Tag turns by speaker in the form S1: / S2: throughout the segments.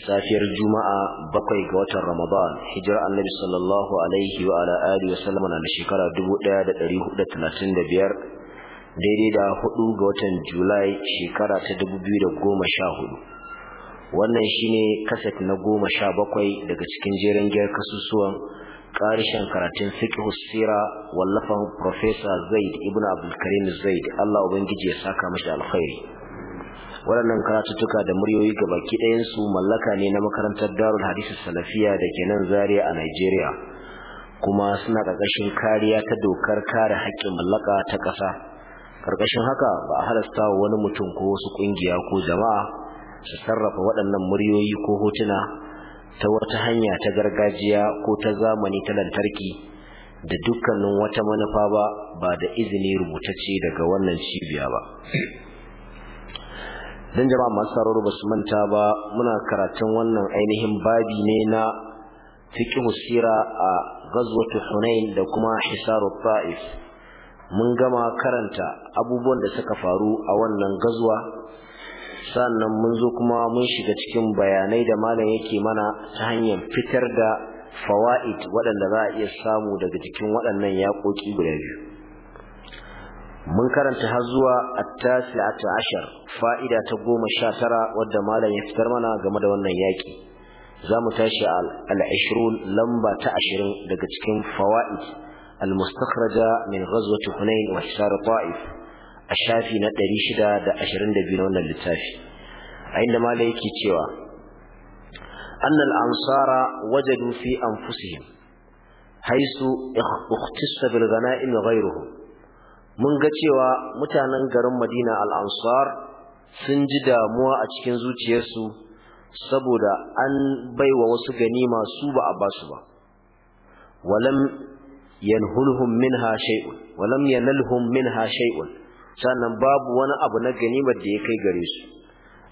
S1: safiyar juma'a bakwai ga watan ramadan hijira annabi sallallahu alaihi wa ala alihi wa sallama na shekara 1435 daidai da hudu ga watan julai shekara ta 2014 wannan shine kaset na goma sha bakwai daga cikin jerin giyar kasusuwan karishen karatun fiqh sira wallafan professor zaid ibn abdulkarim zaid Allah ubangiji ya saka mashi alkhairi waɗannan karatuttuka da muryoyi ga baki ɗayansu mallaka ne na makarantar darul hadisi salafiya da ke nan zaria a nigeria kuma suna ƙarƙashin kariya ta dokar kare haƙƙin mallaka ta ƙasa ƙarƙashin haka ba a halasta wa wani mutum ko wasu ƙungiya ko jama'a su sarrafa waɗannan muryoyi ko hotuna ta wata hanya ta gargajiya ko ta zamani ta lantarki da dukkanin wata manufa ba ba da izini rubutacce daga wannan cibiya ba dan jama'a masu sauraro ba su manta ba muna karatun wannan ainihin babi ne na fiqh sira a ghazwat hunain da kuma hisaru ta'if mun gama karanta abubuwan da suka faru a wannan gazwa sannan mun zo kuma mun shiga cikin bayanai da malam yake mana ta hanyar fitar da fawaid waɗanda za a iya samu daga cikin waɗannan yaƙoƙi guda biyu mun karanta har zuwa at-tasi'atu ashar fa'ida ta goma sha tara wadda malam ya fitar mana game da wannan yaki zamu tashi al-ashrun lamba ta 20 daga cikin fawaid al-mustakhraja min ghazwati hunain wa hisar ta'if a shafi na 622 na wannan littafi a inda malam yake cewa annal ansara wajadu fi anfusihim haisu ikhtissa bil ghana'im ghayruhum mun ga cewa mutanen garin Madina al-Ansar sun ji damuwa a cikin zuciyarsu saboda an baiwa wasu ganima su ba a basu ba walam yanhulhum minha shay'un walam yanalhum minha shay'un sannan babu wani abu na ganimar da ya kai gare su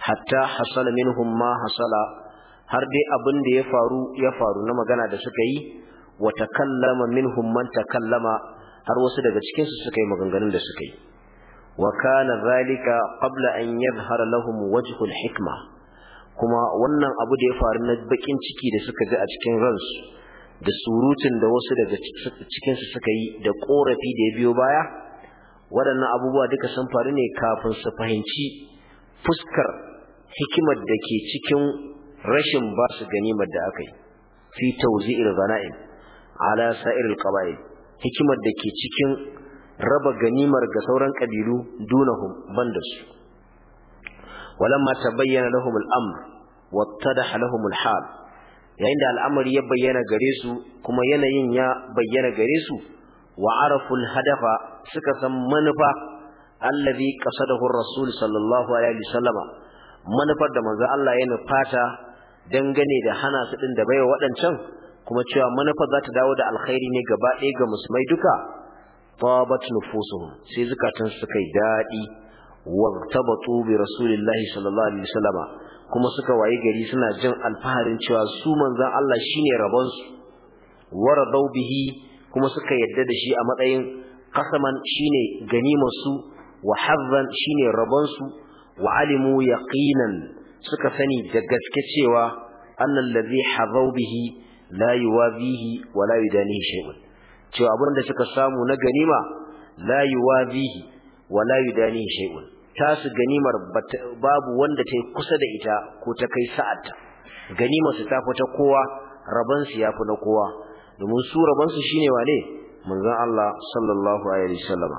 S1: hatta hasala minhum ma hasala har dai abin da ya faru ya faru na magana da suka yi wa takallama minhum man takallama har wasu daga cikin su suka yi maganganun da suka yi wa kana zalika qabla an yadhhara lahum wajhu hikma kuma wannan abu da ya faru na bakin ciki da suka ji a cikin ransu da surutun da wasu daga cikin su suka yi da korafi da ya biyo baya waɗannan abubuwa duka sun faru ne kafin su fahimci fuskar hikimar da ke cikin rashin ba su ganimar da aka yi fi tawzi'il ghana'im ala sa'iril qaba'il hikimar da ke cikin raba ganimar ga sauran ƙabilu dunahum banda su walamma bayyana lahum al-amr wattadaha lahum al yayin da al'amari ya bayyana gare su kuma yanayin ya bayyana gare su wa arafu hadafa suka san manufa allazi qasadahu ar-rasul sallallahu alaihi wasallama manufar da manzo Allah ya nufata dangane da hana su din da baiwa waɗancan kuma cewa manufa za ta dawo da alkhairi ne gaba ɗaya ga musulmai duka tabat nufusuhum sai zukatan su kai dadi wartabatu bi rasulillahi sallallahu alaihi wasallam kuma suka wayi gari suna jin alfaharin cewa su manzon Allah shine rabon su waradau bihi kuma suka yadda da shi a matsayin qasaman shine ganimar su wa hazzan shine rabon su wa alimu yaqinan suka sani da gaske cewa annal ladhi hadau bihi la yuwabihi wa la yudanihi shay'un cewa abin da suka samu na ganima la yuwabihi wa la yudanihi shay'un tasu ganimar babu wanda ta kusa da ita ko ta kai sa'ata ganimar su ta ta kowa raban su yafi na kowa domin su raban su shine wane manzon Allah sallallahu alaihi wasallama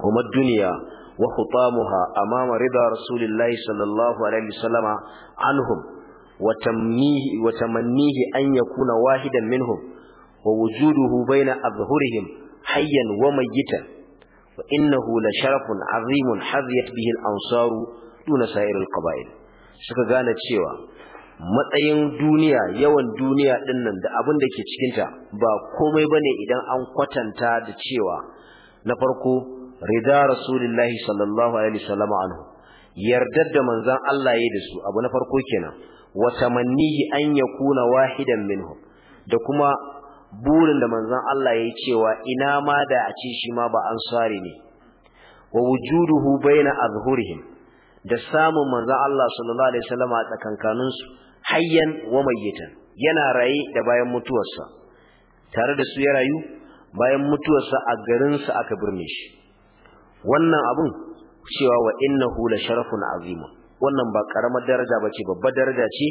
S1: kuma duniya wa khutamuha amama rida rasulillahi sallallahu alaihi wasallama anhum وتمنيه وتمنيه أن يكون واحدا منهم ووجوده بين أظهرهم حيا وميتا hula لشرف عظيم حظيت به الأنصار دون سائر القبائل suka gane cewa matsayin duniya yawan duniya dinnan da abin da ke cikinta ba komai bane idan an kwatanta da cewa na farko rida rasulullahi sallallahu alaihi wasallam anhu yardar da manzan Allah ya da su abu na farko kenan wa tamannihi an yakuna wahidan minhum da kuma burin da manzon Allah yayi cewa ina ma da a ce shi ma ba ansari ne wa wujuduhu baina azhurihim da samun manzon Allah sallallahu alaihi wasallam a tsakankanin su hayyan wa mayyitan yana raye da bayan mutuwarsa tare da su ya rayu bayan mutuwarsa a garinsa aka birne shi wannan abun cewa wa innahu la sharafun azimun wannan ba karamar daraja bace babbar daraja ce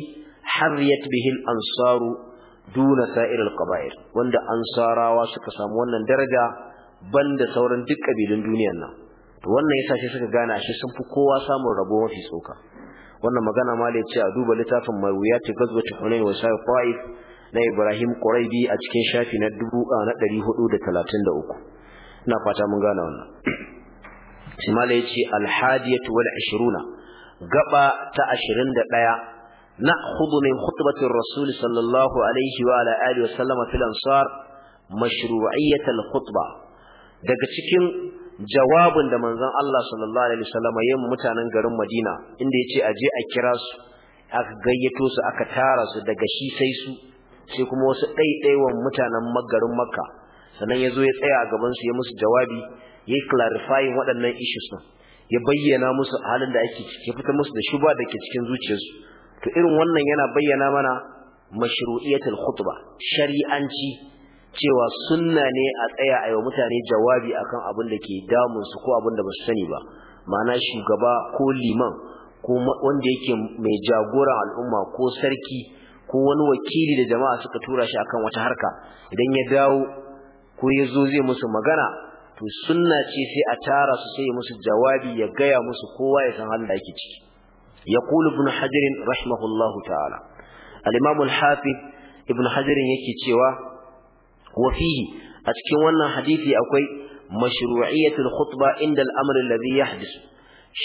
S1: harriyat bihil ansaru duna sa'iril qaba'ir wanda ansarawa suka samu wannan daraja banda sauran duk kabilun duniyar nan to wannan yasa sai suka gane shi sun fi kowa samun rabo mafi tsoka wannan magana ma ya ce a duba littafin marwiyati ta hunain wa sa'i qaif na Ibrahim Quraibi a cikin shafi na 433 ina fata mun gane wannan shi mala yace al-hadiyatu wal 20 gaba ta ashirin da min khutbatir rasul sallallahu alaihi wa ala alihi wa fil ansar mashru'iyyat al khutba daga cikin jawabin da manzon Allah sallallahu alaihi ya yi mutanen garin Madina inda yace aje a kira su aka gayyato su aka tara su daga shi sai su sai kuma wasu ɗaiɗaiwan mutanen magarin Makka sannan ya zo ya tsaya a gaban su ya musu jawabi ya clarifying waɗannan issues din ya bayyana musu halin da ake ciki ya fitar musu da shuba da ke cikin zuciyarsu to irin wannan yana bayyana mana mashru'iyatul khutba shari'anci cewa sunna ne a tsaya a yi mutane jawabi akan abin da ke damun su ko abin da ba su sani ba ma'ana shugaba ko liman ko wanda yake mai jagoran al'umma ko sarki ko wani wakili da jama'a suka tura shi akan wata harka idan ya dawo ko ya zo zai musu magana to sunna ce sai a tara su sai musu jawabi ya gaya musu kowa ya san halin da yake ciki yaqulu ibn hajar rahimahullahu ta'ala al-imam al-hafiz ibn hajar yake cewa wa fihi a cikin wannan hadisi akwai mashru'iyatul khutba inda al-amr alladhi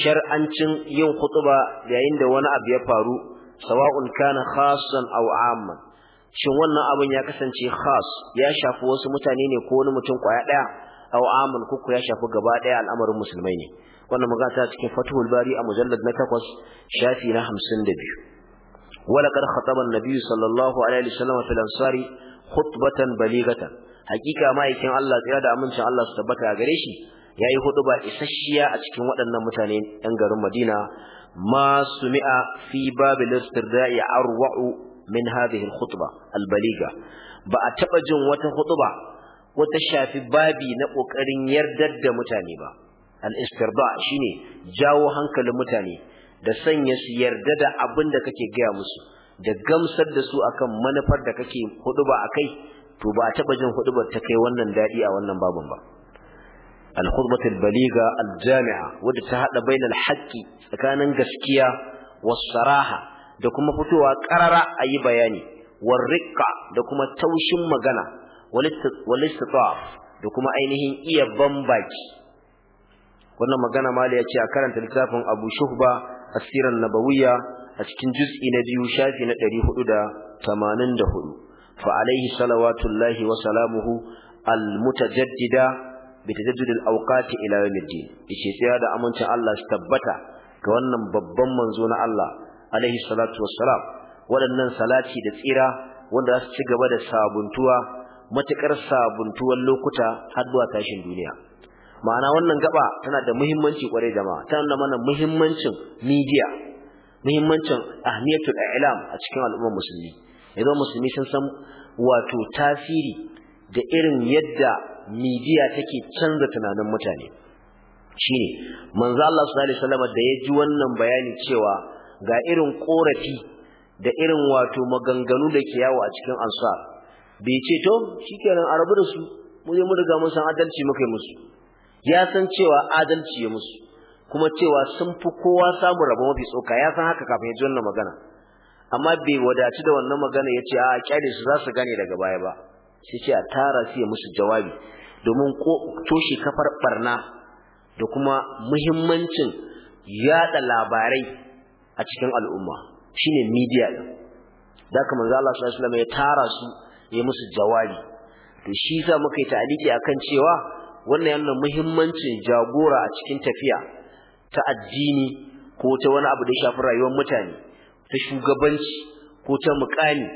S1: shar'ancin yin khutba yayin da wani abu ya faru sawa'un kana khassan aw 'amman shin wannan abin ya kasance khas ya shafi wasu mutane ne ko wani mutum kwaya daya aw amun kuku ya shafi gaba daya al'amarin musulmai ne wannan magana ta cikin Fathul Bari a mujallad na 8 shafi na 52 wala kad khataba an-nabi sallallahu alaihi wasallam fil ansari khutbatan baligatan hakika ma'aikin Allah tsira da amincin Allah su tabbata gare shi yayi hutuba isasshiya a cikin waɗannan mutane ɗan garin Madina ma sumi'a fi babil istirda'i arwa'u min hadhihi al al-baliga ba a taba jin wata khutba wata shafi babi na ƙoƙarin yardar da mutane ba al-istirda shine jawo hankalin mutane da sanya su yarda da abin da kake gaya musu da gamsar da su akan manufar da kake huduba akai to ba a taba jin hudubar ta kai wannan dadi a wannan babun ba al-khutbatul baliga al-jami'a wadda ta hada bainal haqqi tsakanin gaskiya was saraha da kuma fitowa qarara ayi bayani war riqqa da kuma taushin magana wal istitaf da kuma ainihin iya bambaki wannan magana mali ya ce a karanta littafin Abu Shuhba Asiran Nabawiya a cikin juz'i na biyu shafi na hudu. fa alaihi salawatullahi wa salamuhu al mutajaddida bi tajaddud al awqati ila yawmiddin yace tsaya da amincin Allah su tabbata ga wannan babban manzo na Allah alaihi salatu wassalam waɗannan salati da tsira wanda za su ci gaba da sabuntuwa matukar sabuntuwan lokuta har zuwa tashin duniya ma'ana wannan gaba tana da muhimmanci kwarai jama'a tana da mana muhimmancin media muhimmancin ahmiyatul i'lam a cikin al'ummar musulmi idan musulmi sun san wato tasiri da irin yadda media take canza tunanin mutane shine manzo Allah sallallahu alaihi wasallam da ya ji wannan bayani cewa ga irin korafi da irin wato maganganu da ke yawo a cikin ansar bai ce to shikenan a rabu da su mu je mu riga mun san adalci muka yi musu ya san cewa adalci ya musu kuma cewa sun fi kowa samun rabo mafi tsoka ya san haka kafin ya ji wannan magana amma bai wadaci da wannan magana ya ce a kyale su za su gane daga baya ba sai ce a tara su ya musu jawabi domin ko toshe kafar barna da kuma muhimmancin yada labarai a cikin al'umma shine media da kuma zalla sallallahu alaihi wasallam ya tara su yi musu jawari to shi sa muka yi ta'aliki akan cewa wannan yana muhimmancin jagora a cikin tafiya ta addini ko ta wani abu da ya shafi rayuwar mutane ta shugabanci ko ta mukani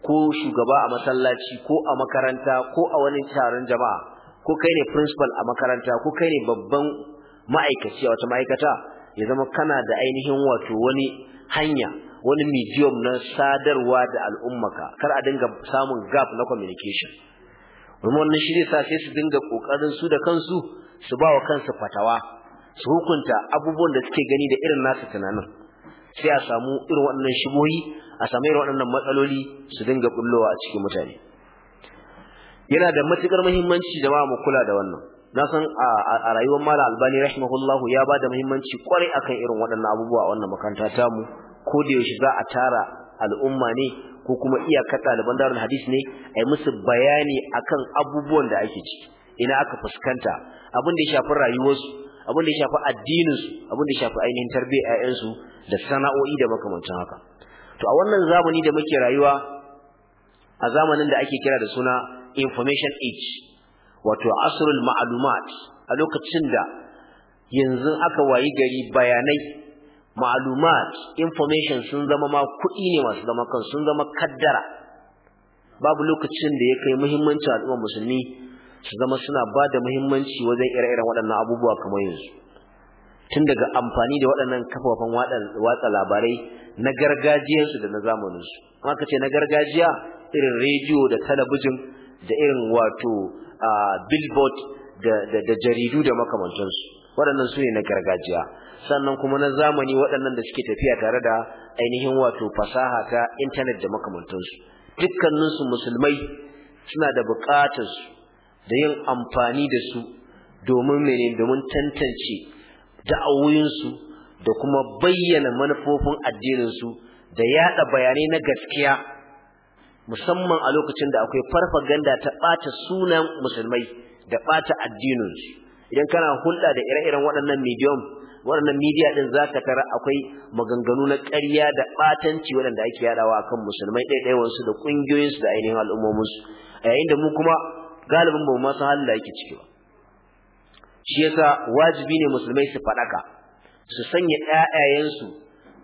S1: ko shugaba a masallaci ko a makaranta ko a wani taron jama'a ko kai ne principal a makaranta ko kai ne babban ma'aikaci a wata ma'aikata ya zama kana da ainihin wato wani hanya wani medium na sadarwa da al'ummaka kar a dinga samun gap na communication kuma wannan shi ne sa sai su dinga kokarin su da kansu su ba wa kansu fatawa su hukunta abubuwan da suke gani da irin nasu tunanin sai a samu irin waɗannan shiboyi a samu irin waɗannan matsaloli su dinga bullowa a cikin mutane yana da matukar muhimmanci jama'a mu kula da wannan na san a rayuwar mala albani rahimahullahu ya ba da muhimmanci kwarai akan irin waɗannan abubuwa a wannan makaranta tamu ko da yaushe za a tara al'umma ne ko kuma iyakar ɗaliban darul hadis ne a yi musu bayani akan abubuwan da ake ci ina aka fuskanta abin da ya shafi rayuwarsu abin da ya shafi addininsu abin da ya shafi ainihin tarbiyyar 'ya'yansu da sana'o'i da makamancin haka to a wannan zamani da muke rayuwa a zamanin da ake kira da suna information age wato asrul ma'lumat a lokacin da yanzu aka wayi gari bayanai ma'alumat information sun zama ma kuɗi ne masu zama kan sun zama kaddara babu lokacin da ya kai muhimmanci al'ummar musulmi su zama suna ba da muhimmanci wajen ire-iren waɗannan abubuwa kamar yanzu tun daga amfani da waɗannan kafafen watsa labarai na gargajiyarsu da na zamaninsu aka ce na gargajiya irin rediyo da talabijin da irin wato ah, billboard da jaridu da makamantansu waɗannan su ne na gargajiya sannan kuma na zamani waɗannan da suke tafiya tare da ainihin wato fasaha ta intanet da makamantansu dukkaninsu musulmai suna da buƙatar su da yin amfani da su domin mene domin tantance da'awoyinsu da kuma bayyana manufofin addininsu da yaɗa bayanai na gaskiya musamman a lokacin da akwai farfaganda ta ɓata sunan musulmai da ɓata addininsu idan kana hulɗa da ire-iren waɗannan medium waɗannan media din zaka tara akwai maganganu na ƙarya da ɓatanci waɗanda ake yadawa akan musulmai ɗaiɗaiwan su da ƙungiyoyinsu, su da ainihin al'ummomin su a yayin da mu kuma galibin ba mu san halin da yake ciki ba shi yasa wajibi ne musulmai su faɗaka su sanya ƴaƴayensu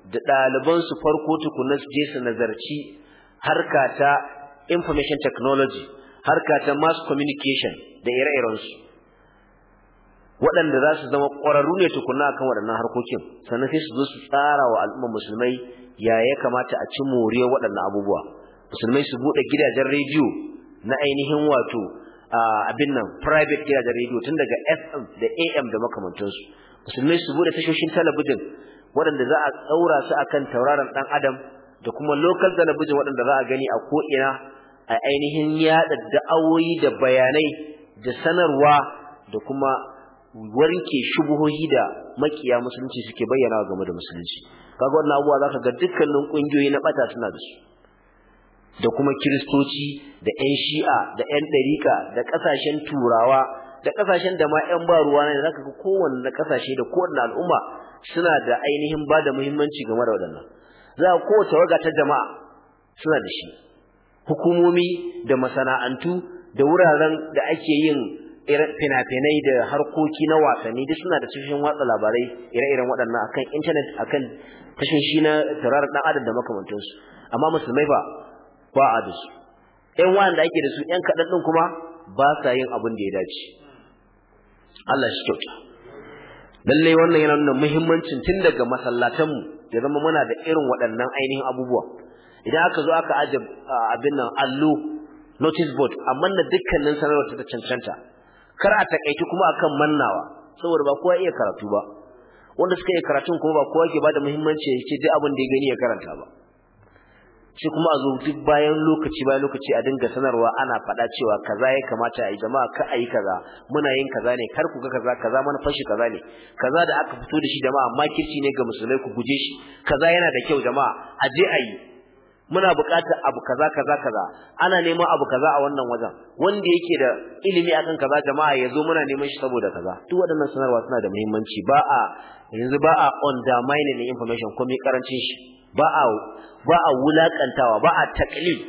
S1: da su farko tukuna su je su nazarci harka ta information technology harka ta mass communication da ire-irensu waɗanda za su zama ƙwararru ne tukuna akan waɗannan harkokin sannan sai su zo su tsara wa al'ummar musulmai ya ya kamata a ci moriya waɗannan abubuwa musulmai su buɗe gidajen rediyo na ainihin wato abin nan private gidajen rediyo tun daga fm da am da makamantansu musulmai su buɗe tashoshin talabijin waɗanda za a tsaura su akan tauraron ɗan adam da kuma local talabijin waɗanda za a gani a ko'ina a ainihin yaɗa da'awoyi da bayanai da sanarwa da kuma warke shubuhohi da makiya musulunci suke bayyana game da musulunci kaga wannan abuwa zaka ga dukkanin kungiyoyi na bata suna da su da kuma kiristoci da ƴan shi'a da ƴan ɗarika da ƙasashen turawa da ƙasashen da ma ƴan baruwa ne zaka ga kowanne ƙasashe da kowanne al'umma suna da ainihin ba da muhimmanci game da waɗannan za ka kowace waga ta jama'a suna da shi hukumomi da masana'antu da wuraren da ake yin fina-finai da harkoki na wasanni duk suna da tashoshin watsa labarai ire-iren waɗannan akan intanet akan tashoshi na tarar ɗan adam da makamantansu amma musulmai ba ba a da su ƴan da ake da su ƴan kaɗan ɗin kuma ba sa yin abin da ya dace Allah shi kyauta lallai wannan yana nuna muhimmancin tun daga masallatanmu ya zama muna da irin waɗannan ainihin abubuwa idan aka zo aka ajiye abin nan allo notice board amma na dukkanin sanarwar ta cancanta kar a takaici kuma akan mannawa saboda ba kowa iya karatu ba wanda suka iya karatun kuma ba kowa ke bada muhimmanci ya ce duk abin da ya gani ya karanta ba shi kuma a zo duk bayan lokaci bayan lokaci a dinga sanarwa ana faɗa cewa kaza ya kamata a yi jama'a ka a yi kaza muna yin kaza ne kar ku ga kaza kaza mana fashi kaza ne kaza da aka fito da shi jama'a makirci ne ga musulmai ku guje shi kaza yana da kyau jama'a a je a yi muna buƙatar abu kaza kaza kaza ana neman abu kaza a wannan wajen wanda yake da ilimi akan kaza jama'a ya zo muna neman shi saboda kaza duk waɗannan sanarwa suna da muhimmanci ba a yanzu ba a ne information ko mai karancin shi ba a ba a wulakantawa ba a taklid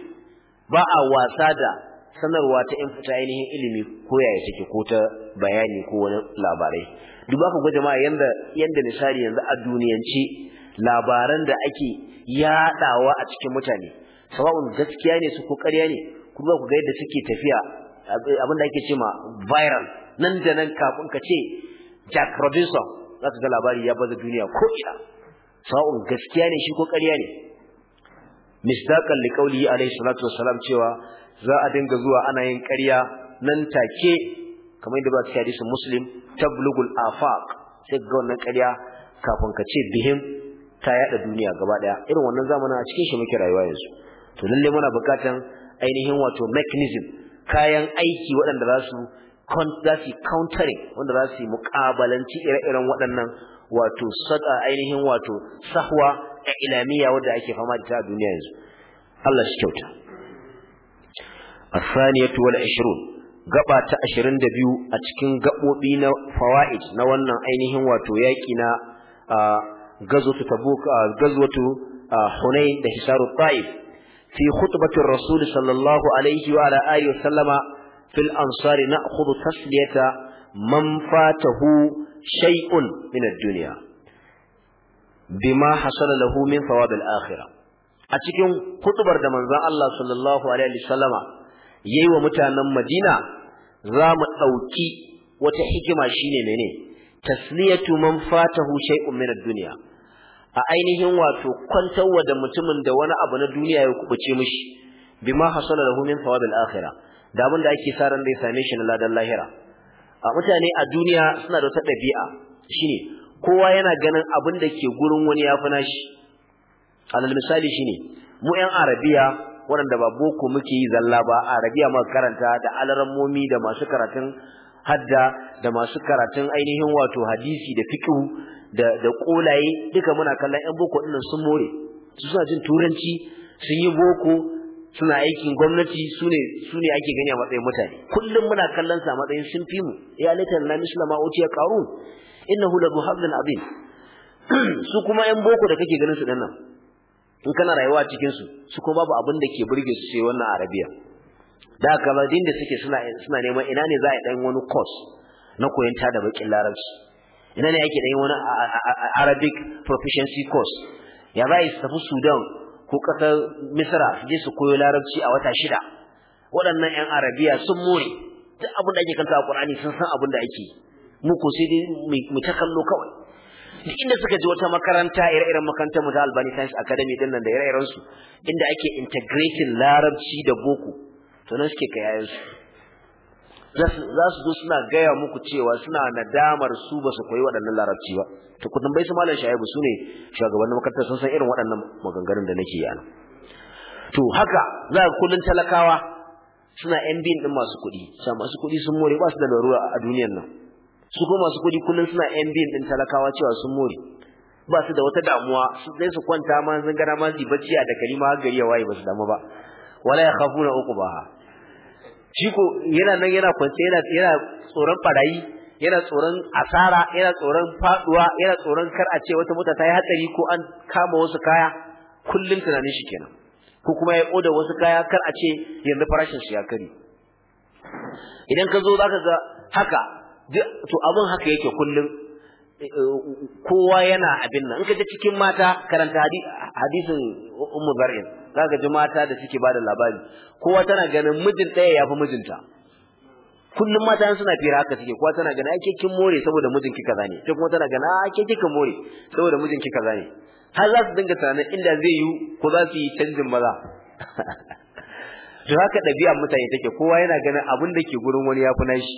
S1: ba a wasa da sanarwa ta in fita ainihin ilimi ko yaya take ko ta bayani ko wani labarai Duk ka ga jama'a yanda yanda misali yanzu a duniyance labaran da ake yadawa a cikin mutane sawa'un gaskiya ne su ko ƙarya ne kuma ku ga yadda suke tafiya abin da ake cewa viral nan da nan kafin ka ce Jack Robinson za ka ga labari ya baza duniya ko ina sawa'un gaskiya ne shi ko ƙarya ne misdaqan qawli alayhi salatu wassalam cewa za a dinga zuwa ana yin ƙarya nan take kamar yadda ba ta hadisin Muslim tablugul afaq sai ga wannan ƙarya kafin ka ce bihim ta yada duniya gaba daya irin wannan zamanin a cikin shi muke rayuwa yanzu to lalle muna bukatan ainihin wato mechanism kayan aiki waɗanda za su countering wanda za su muƙabalanci ire-iren waɗannan wato saka ainihin wato sahwa a ilamiya wadda ake fama da ta a duniya yanzu Allah shi kyauta wal والعشرون gaba ta 22 a cikin gabobi na fawaid na wannan ainihin wato yaki na غزوه تبوك غزوه حنين ده حصار الطائف في خطبه الرسول صلى الله عليه وعلى اله وسلم في الانصار ناخذ تسليه من فاته شيء من الدنيا بما حصل له من ثواب الاخره a cikin hutubar da manzon Allah sallallahu alaihi wasallama yayi wa mutanen Madina za mu dauki wata hikima shine mene tasliyatu man fatahu shay'un min ad a ainihin wato kwantarwa da mutumin da wani abu na duniya ya kubuce mishi bima hasala lahu min thawabil akhirah da abin da ake sa ran da ya same shi na ladan lahira a mutane a duniya suna da wata ɗabi'a. shine kowa yana ganin abin da ke gurin wani ya fina shi alal misali shine mu yan arabiya waɗanda ba boko muke yi zalla ba arabiya makaranta karanta da alarammomi da masu karatun hadda da masu karatun ainihin wato hadisi da fiqh da da kolaye duka muna kallon yan boko dinnan sun more su suna jin turanci sun yi boko suna aikin gwamnati su ne ake gani a matsayin mutane kullum muna kallon a matsayin sun fi mu ya laitan na mislama utiya qarun innahu la buhadlan abin su kuma yan boko da kake ganin su dinnan in kana rayuwa cikin su su kuma babu abin da ke burge su sai wannan arabiya da gabadin da suke suna suna neman ina ne za a yi dan wani course na koyon tada bakin larabci ina ne ake da wani arabic proficiency course ya za su tafi sudan ko kasar misra su je su koyo larabci a wata shida waɗannan 'yan arabiya sun more duk abin da ake kanta a ƙur'ani sun san abin da ake mu ko sai dai mu ta kallo kawai duk inda suka je wata makaranta ire-iren makarantar mu ta Albani Science Academy din nan da ire su inda ake integrating larabci da boko to nan suke kayayen za su zo suna gaya muku cewa suna nadamar su ba su koyi waɗannan larabci ba to ku tambayi su malam shaibu su ne shugabannin makarantar sun san irin waɗannan maganganun da nake yana to haka za ka kullun talakawa suna yan bin din masu kuɗi sa masu kuɗi sun more ba su da larura a duniyar nan su kuma masu kuɗi kullun suna yan bin din talakawa cewa sun more ba su da wata damuwa su zai su kwanta ma sun gara ma su bacci a da kalima har gari ya waye ba su damu ba wala ya khafuna uqbaha shi ko yana nan yana kwance yana yana tsoron barayi yana tsoron asara yana tsoron faduwa yana tsoron kar a ce wata mota ta yi hatsari ko an kama wasu kaya kullum tunanin shi kenan ko kuma ya oda wasu kaya kar a ce yanzu farashin shi ya kare idan ka zo zaka ga haka to abin haka yake kullum eh, eh, kowa yana abin nan in ka je cikin mata karanta hadisin ummu zar'in ka ji mata da suke bada labari kowa tana ganin mijin ɗaya yafi mijinta kullum mata suna fira haka suke kowa tana ganin ake kin more saboda mijin ki kaza ne. sai kuma tana ganin ake kin more saboda mijin ki kaza ne. har za su dinga tunanin inda zai yi ko za su yi canjin maza to haka ɗabi'ar mutane take kowa yana ganin abin da ke gurin wani yafi nashi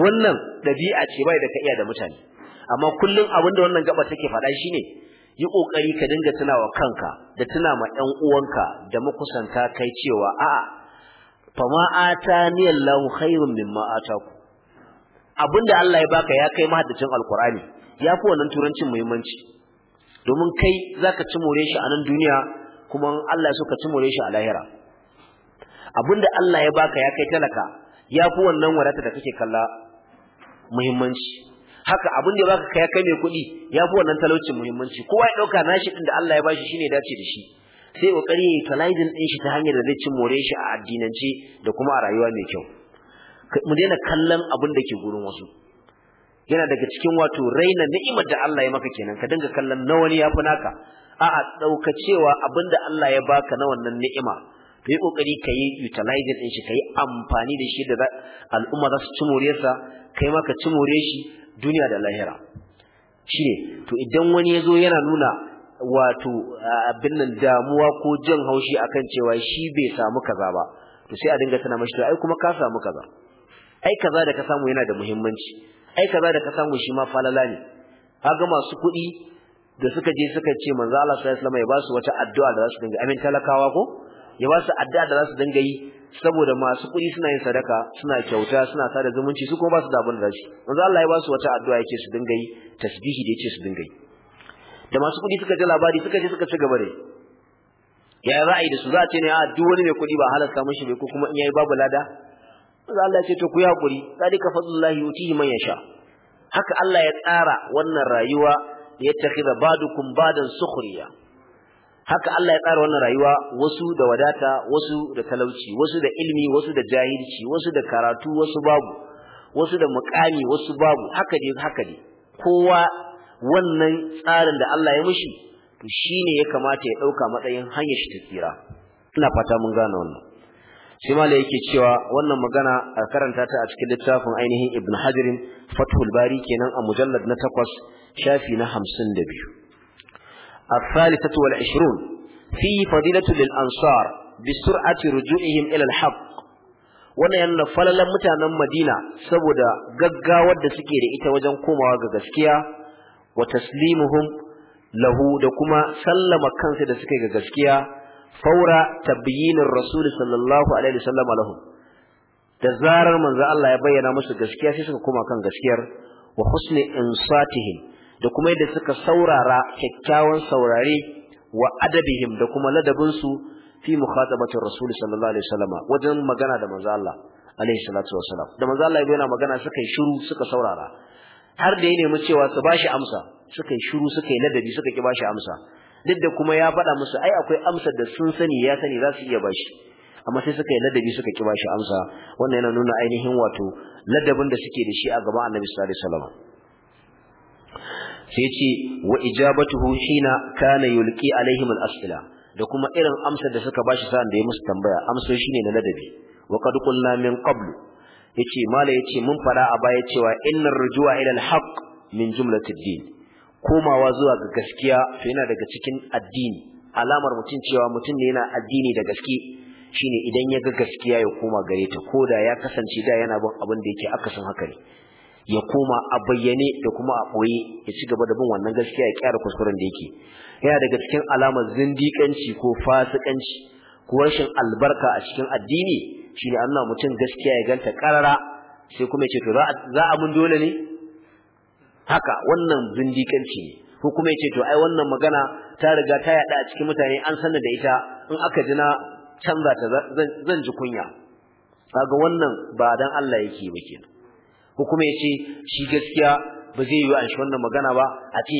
S1: wannan ɗabi'a ce bai da ka iya da mutane amma kullum abin da wannan gaba take faɗa ne. yi kokari ka dinga tana wa kanka da tana ma 'yan uwanka da makusanta kai cewa a'a fa ma atani Allahu khairun mimma ataku abinda Allah ya baka ya kai mahaddacin ya fi wannan turancin muhimmanci domin kai zaka ci more shi a nan duniya kuma Allah ya so ka ci more shi a lahira abinda Allah ya baka ya kai talaka ya fi wannan wadata da kake kalla muhimmanci haka abin da baka kai kai mai kuɗi ya fi wannan talaucin muhimmanci kowa ya ɗauka nashi ɗin da Allah ya bashi shine dace da shi sai kokari ya utilizing ɗin shi ta hanyar da zai ci more shi a addinance da kuma a rayuwa mai kyau mu daina kallon abin da ke gurin wasu yana daga cikin wato raina ni'imar da Allah ya maka kenan ka dinga kallon na wani fi naka a'a cewa abin da Allah ya baka na wannan ni'ima ka yi kokari ka yi utilizing ɗin shi ka yi amfani da shi da al'umma za su ci moriyarsa kai ma ka ci more shi duniya da lahira shine to idan wani yazo yana nuna wato abin nan damuwa ko jin haushi akan cewa shi bai samu kaza ba to sai a dinga tana mashi ai kuma ka samu kaza ai kaza da ka samu yana da muhimmanci ai kaza da ka samu shi ma falala ne kaga masu kuɗi da suka je suka ce manzo Allah sallallahu alaihi wasallam ya ba su wata addu'a da za su dinga amin talakawa ko ya ba su addu'a da za su dinga yi saboda masu kuɗi suna yin sadaka suna kyauta suna sada zumunci su kuma ba su da abin da shi manzo Allah ya ba su wata addu'a yake su dinga yi tasbihi da yake su dinga yi da masu kuɗi suka ji labari suka je suka ci gaba da ya ra'ayi da su za a ce ne a duk wani mai kuɗi ba halaka mishi bai ko kuma in yayi babu lada manzo Allah ya ce to ku yi hakuri zalika fadlullahi yutihi man yasha haka Allah ya tsara wannan rayuwa ya takhira badukum badan sukhriya haka Allah ya tsara wannan rayuwa wasu da wadata wasu da talauci wasu da ilimi wasu da jahilci wasu da karatu wasu babu wasu da muƙami wasu babu haka dai haka dai kowa wannan tsarin da Allah ya mushi, to shine ya kamata ya ɗauka matsayin hanyar shi ta tsira ina fata mun gane wannan sai malai yake cewa wannan magana a karanta ta a cikin littafin ainihin Ibn Hajar Fathul Bari kenan a mujallad na takwas shafi na hamsin da biyu. الثالثة والعشرون فيه فضيلة للأنصار بسرعة رجوعهم إلى الحق wannan yana falalan mutanen Madina saboda gaggawar da suke da ita wajen komawa ga gaskiya wa taslimuhum lahu da kuma sallama kansu da suke ga gaskiya faura tabyinir rasul sallallahu alaihi wasallam lahum da zarar manzo Allah ya bayyana musu gaskiya sai suka koma kan gaskiyar wa husni insatihim da kuma yadda suka saurara kyakkyawan saurare wa adabihim da kuma ladabinsu fi mukhatabatin rasul sallallahu alaihi wasallam wajen magana da manzo Allah alaihi salatu wasallam da manzo Allah yana magana suka yi shiru suka saurara har da ya nemi cewa su bashi amsa suka yi shiru suka yi ladabi suka ki bashi amsa duk da kuma ya faɗa musu ai akwai amsar da sun sani ya sani za su iya bashi amma sai suka yi ladabi suka ki bashi amsa wannan yana nuna ainihin wato ladabin da suke da shi a gaban Annabi sallallahu alaihi wasallam sai ce wa ijabatuhu hina kana yulqi alaihim al-as'ila da kuma irin amsar da suka bashi sa'an da ya musu tambaya amsar shine na ladabi wa qad qulna min qablu yace mala yace mun fara a baya cewa innar rujua ila al-haq min jumlatid din komawa zuwa ga gaskiya to yana daga cikin addini alamar mutum cewa mutum ne yana addini da gaske shine idan ya ga gaskiya ya koma gare ta koda ya kasance da yana bin abin da yake akasin haka ne ya koma a bayyane da kuma a ɓoye ya ci gaba da bin wannan gaskiya ya kyara kuskuren da yake yana daga cikin alamar zindiƙanci ko fasikanci ko rashin albarka a cikin addini shine Allah mutum gaskiya ya ganta karara sai kuma ce to za a mun dole ne haka wannan zindiƙanci ne ko kuma ce to ai wannan magana ta riga ta yada a cikin mutane an sanar da ita in aka ji na canza ta zan ji kunya kaga wannan ba dan Allah yake ba kenan ko kuma yace shi gaskiya ba zai yi an shi wannan magana ba a ce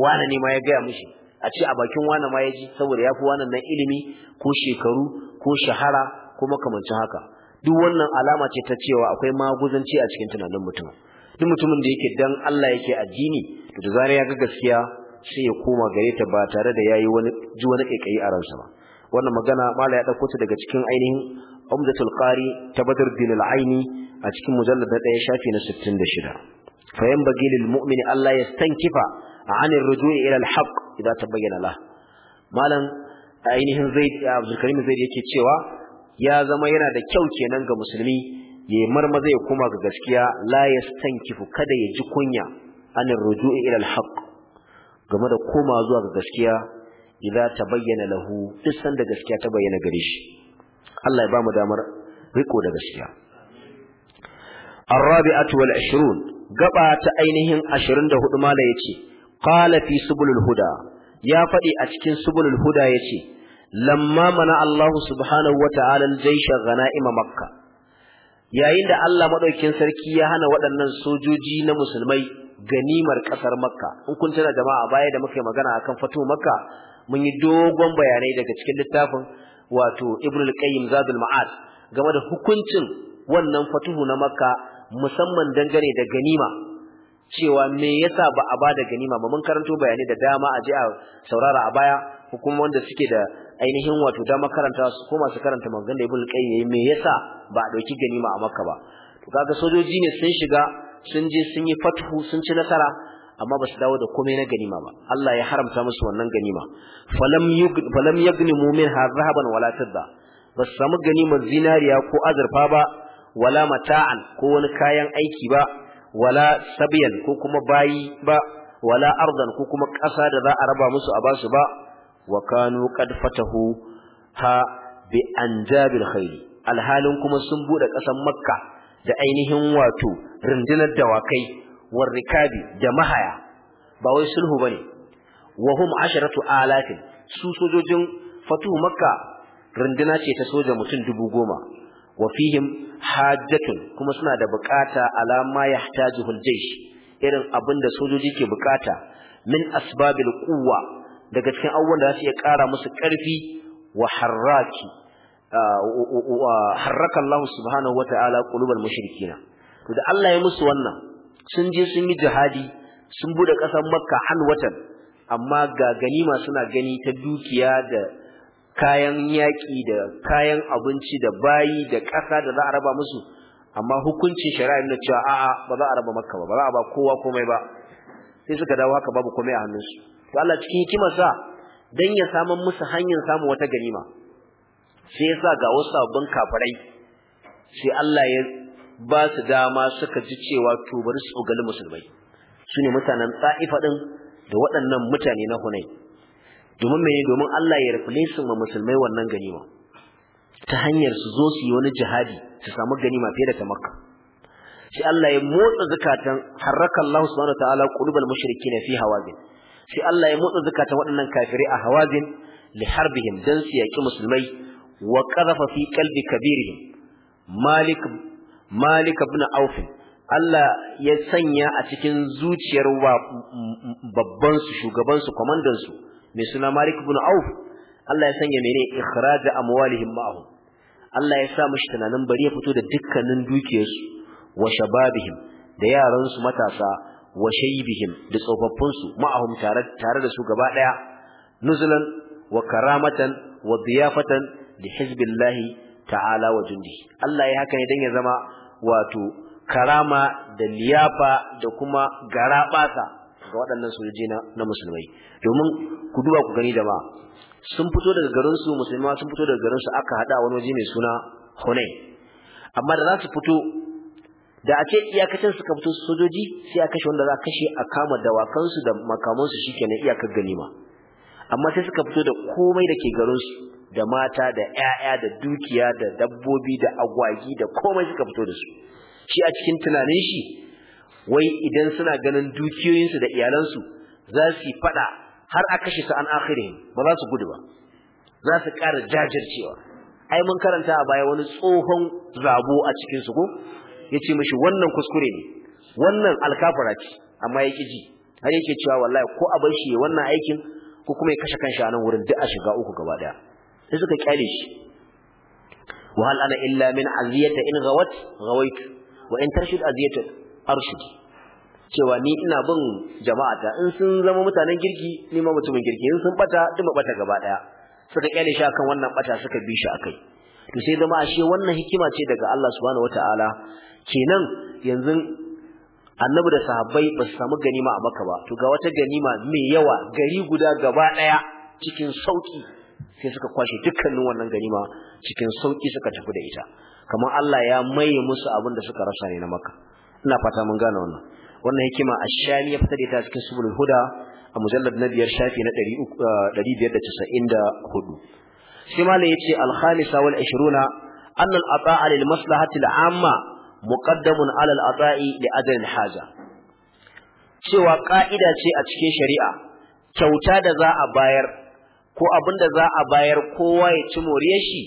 S1: wane ne ma ya gaya mishi a ce a bakin wane ma ya ji saboda ya fi wannan nan ilimi ko shekaru ko shahara ko makamancin haka duk wannan alama ce ta cewa akwai maguzanci a cikin tunanin mutum duk mutumin da yake dan Allah yake addini to da zarar ya ga gaskiya sai ya koma gare ta ba tare da yayi wani ji wani kaikayi a ransa ba wannan magana mala ya dauko ta daga cikin ainihin umdatul qari ta badruddin al-aini a cikin mujallad da ɗaya shafi na 66 fa yanbaghi lil mu'mini Allah yastankifa an ar-ruju'i ila al-haqq idan tabayyana la malam ainihin zaid abdul karim zaid yake cewa ya zama yana da kyau kenan ga musulmi ya marmaza ya koma ga gaskiya la yastankifu kada ya ji kunya an ar-ruju'i ila al-haqq game da koma zuwa ga gaskiya ta tabayyana lahu duk sanda gaskiya ta bayyana gare shi Allah ya ba mu damar riko da gaskiya. Arrabi'atu wal 20 gaba ta ainihin 24 mala yace qala fi subulul huda ya faɗi a cikin subulul huda yace lamma mana Allah subhanahu wata'ala al-jaysha ghanaima makkah yayin da Allah madaukin sarki ya hana waɗannan sojoji na musulmai ganimar ƙasar Makka, in kun tana jama'a baya da muke magana akan fatu makkah mun yi dogon bayanai daga cikin littafin wato Ibn al-Qayyim Zadul Ma'ad game da hukuncin wannan fatuhu na Makka musamman dangane da ganima cewa me yasa ba a bada ganima ba mun karanto bayanai da dama a ji a saurara a baya hukuma wanda suke da ainihin wato dama makaranta su ko masu karanta maganganun Ibn al-Qayyim me yasa ba a dauki ganima a Makka ba to kaga sojoji ne sun shiga sun je sun yi fatuhu sun ci nasara amma ba su dawo da komai na ganima ba Allah ya haramta musu wannan ganima falam falam yagnimu minha zahaban wala fidda ba su samu ganimar zinariya ko azurfa ba wala mata'an ko wani kayan aiki ba wala sabiyan ko kuma bayi ba wala ardan ko kuma ƙasa da za a raba musu a basu ba wa kanu qad fatahu ha bi anjabil khairi alhalin kuma sun bude ƙasar makka da ainihin wato rundunar dawakai warrikabi da mahaya ba wai sulhu bane wa hum asharatu alaf su sojojin fatu makka runduna ce ta soja mutum dubu goma wa fihim hajjatun kuma suna da bukata alama yahtajuhu aljaysh irin abinda sojoji ke bukata min asbabil quwwa daga cikin abubuwan da za su iya ƙara musu ƙarfi wa harraki harraka Allah subhanahu wata'ala qulubal mushrikina to da Allah ya musu wannan sun je sun yi jihadi sun bude ƙasar makka hal watan, amma ga ganima suna gani ta dukiya da kayan yaƙi da kayan abinci da bayi da ƙasa da za a raba musu amma hukuncin shari'a na cewa a'a ba za a raba makka ba ba za a ba kowa komai ba sai suka dawo haka babu komai a hannunsu to Allah cikin sa dan ya saman musu hanyar samun wata ganima sai ya sa ga wasu sabbin kafirai sai Allah ya ba su dama suka ji cewa to bari su ogali musulmai shine mutanen Taifa din da waɗannan mutane na hunai. domin ne domin Allah ya rufe ma musulmai wannan ganima ta hanyar su zo su yi wani jihadi su samu ganima fiye da ta Makka sai Allah ya motsa zakatan haraka Allah subhanahu wa ta'ala qulubal mushrikin fi hawazin sai Allah ya motsa zakatan waɗannan kafirai a hawazin li harbihim dan su yaki musulmai wa qadhafa fi qalbi kabirihim malik Malik ibn Auf Allah ya sanya a cikin zuciyar babban su shugaban su komandan su mai suna Malik ibn Auf Allah ya sanya mene ikhraj amwalihim ma'ahum Allah ya sa mushi tunanin bari ya fito da dukkanin dukiyarsu wa shababihim da yaran su matasa wa shaybihim da tsofaffin su ma'ahum tare tare da su gaba daya nuzulan wa karamatan wa diyafatan li hizbillahi ta'ala wa jundi Allah ya haka ne dan ya zama wato karama da liyafa da kuma garabasa ga waɗannan sojoji na musulmai domin ku duba ku gani jama'a sun fito daga garin su musulma sun fito daga garin su aka hada wani waje mai suna Hunain amma da za su fito da a ce iyakacin suka fito sojoji sai a kashe wanda za a kashe a kama dawakansu da makamansu shikenan iyakar ganima amma sai suka fito da komai da ke garin su da mata da ƴaƴa da dukiya da dabbobi da agwagi da komai suka fito da su shi a cikin tunanin shi wai idan suna ganin dukiyoyinsu da iyalansu za su fada har aka shi su an akhirin ba za su gudu ba za su ƙara jajircewa ai mun karanta a baya wani tsohon zabo a cikin su ko yace mishi wannan kuskure ne wannan alkafara ce amma yake ji har yake cewa wallahi ko a bar shi wannan aikin ko kuma ya kashe kanshi a nan wurin duk a shiga uku gaba daya sai suka kyale shi wa hal ana illa min aziyata in gawat gawait wa in tarshid aziyata arshid cewa ni ina bin jama'ata in sun zama mutanen girki ni ma mutumin girki in sun bata duma bata gaba daya suka kyale shi akan wannan bata suka bi shi akai to sai zama ashe wannan hikima ce daga Allah subhanahu wataala kenan yanzu annabi da sahabbai ba su samu ganima a maka ba to ga wata ganima mai yawa gari guda gaba daya cikin sauki sai suka kwashe dukkanin wannan ganima cikin sauki suka tafi da ita kamar Allah ya maye musu abin da suka rasa ne na Makka ina fata mun gane wannan wannan hikima ash-shami ya fitar da ita cikin subulul huda a mujallad na biyar shafi na 594 ah, sai malai yace al-khamisa wal 20 an al-ata'a lil maslahati al-amma muqaddamun ala al-ata'i li ajli al-haja cewa ka'ida ce a cikin shari'a kyauta da za a bayar ko abin da za a bayar kowa ya ci moriyar shi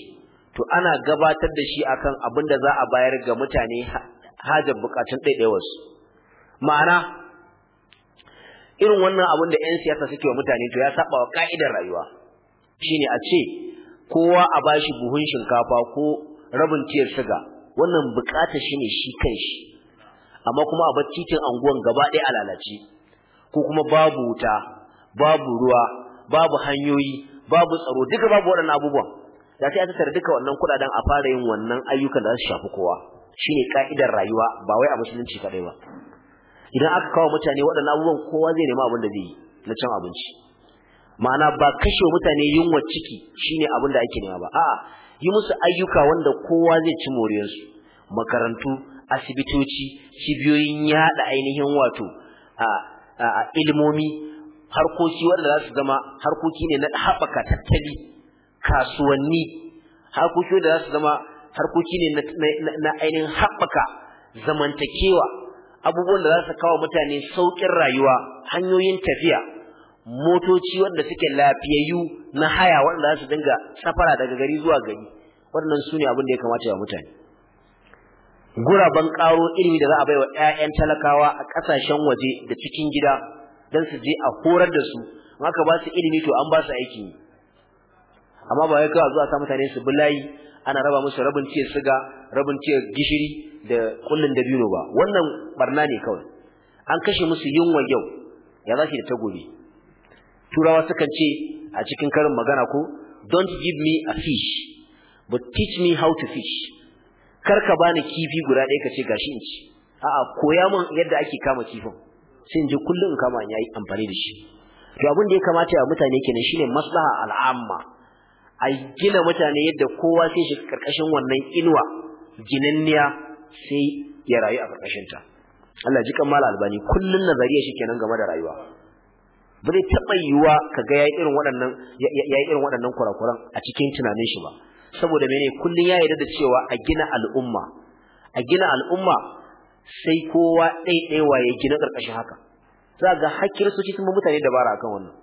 S1: to ana gabatar da shi akan abin da za a bayar ga mutane hajar bukatun ɗaiɗaiwarsu ma'ana irin wannan abin da 'yan siyasa suke wa mutane to ya saba wa ka'idar rayuwa shine a ce kowa a ba shi buhun shinkafa ko rabin tiyar siga wannan bukata ne shi kanshi amma kuma a bar titin anguwan gaba ɗaya a lalace ko kuma babu wuta babu ruwa babu hanyoyi babu tsaro duka babu waɗannan abubuwan da sai a tattara duka wannan kuɗaɗen a fara yin wannan ayyukan da za su shafi kowa shine ka'idar rayuwa ba wai a musulunci kadai ba idan aka kawo mutane waɗannan abubuwan kowa zai nema abin da zai yi na can abinci ma'ana ba kashe mutane yunwa ciki shine abin da ake nema ba a'a yi musu ayyuka wanda kowa zai ci moriyarsu makarantu asibitoci cibiyoyin yada ainihin wato a ilmomi harkoki wanda za su zama harkoki ne na haɓaka tattali kasuwanni harkoki wanda za su zama harkoki ne na ainihin haɓaka zamantakewa abubuwan da za su kawo mutane sauƙin rayuwa hanyoyin tafiya motoci wanda suke lafiyayyu na haya wanda za su dinga safara daga gari zuwa gari waɗannan su ne abin da ya kamata ya mutane guraben ƙaro ilimi da za a baiwa 'ya'yan talakawa a ƙasashen waje da cikin gida dan su je a horar da su in aka ba su ilimi to an ba su aiki amma ba wai kawai zuwa sa mutane su bi layi ana raba musu rabin ciye siga rabin ciye gishiri da kullun biro ba wannan barna ne kawai an kashe musu yunwa yau ya za da tagobi? turawa sukan ce a cikin karin magana ko don't give me a fish but teach me how to fish kar ka bani kifi guda ɗaya ka ce gashi in ci a'a koya min yadda ake kama kifin sai ji kullum in kama ya yi amfani da shi to abin da ya kamata ya mutane kenan shine maslaha al'amma a gina mutane yadda kowa sai shi karkashin wannan inuwa ginanniya sai ya rayu a karkashin ta Allah ji kamal albani kullun nazariya shi kenan game da rayuwa ba zai taɓa yiwuwa ka ga yayi irin waɗannan yayi irin waɗannan kurakuran a cikin tunanin shi ba saboda mene kullun ya yarda da cewa a gina al'umma a gina al'umma sai kowa ɗaiɗaiwa ya gina ƙarƙashin haka za ga har kiristoci sun mutane dabara akan wannan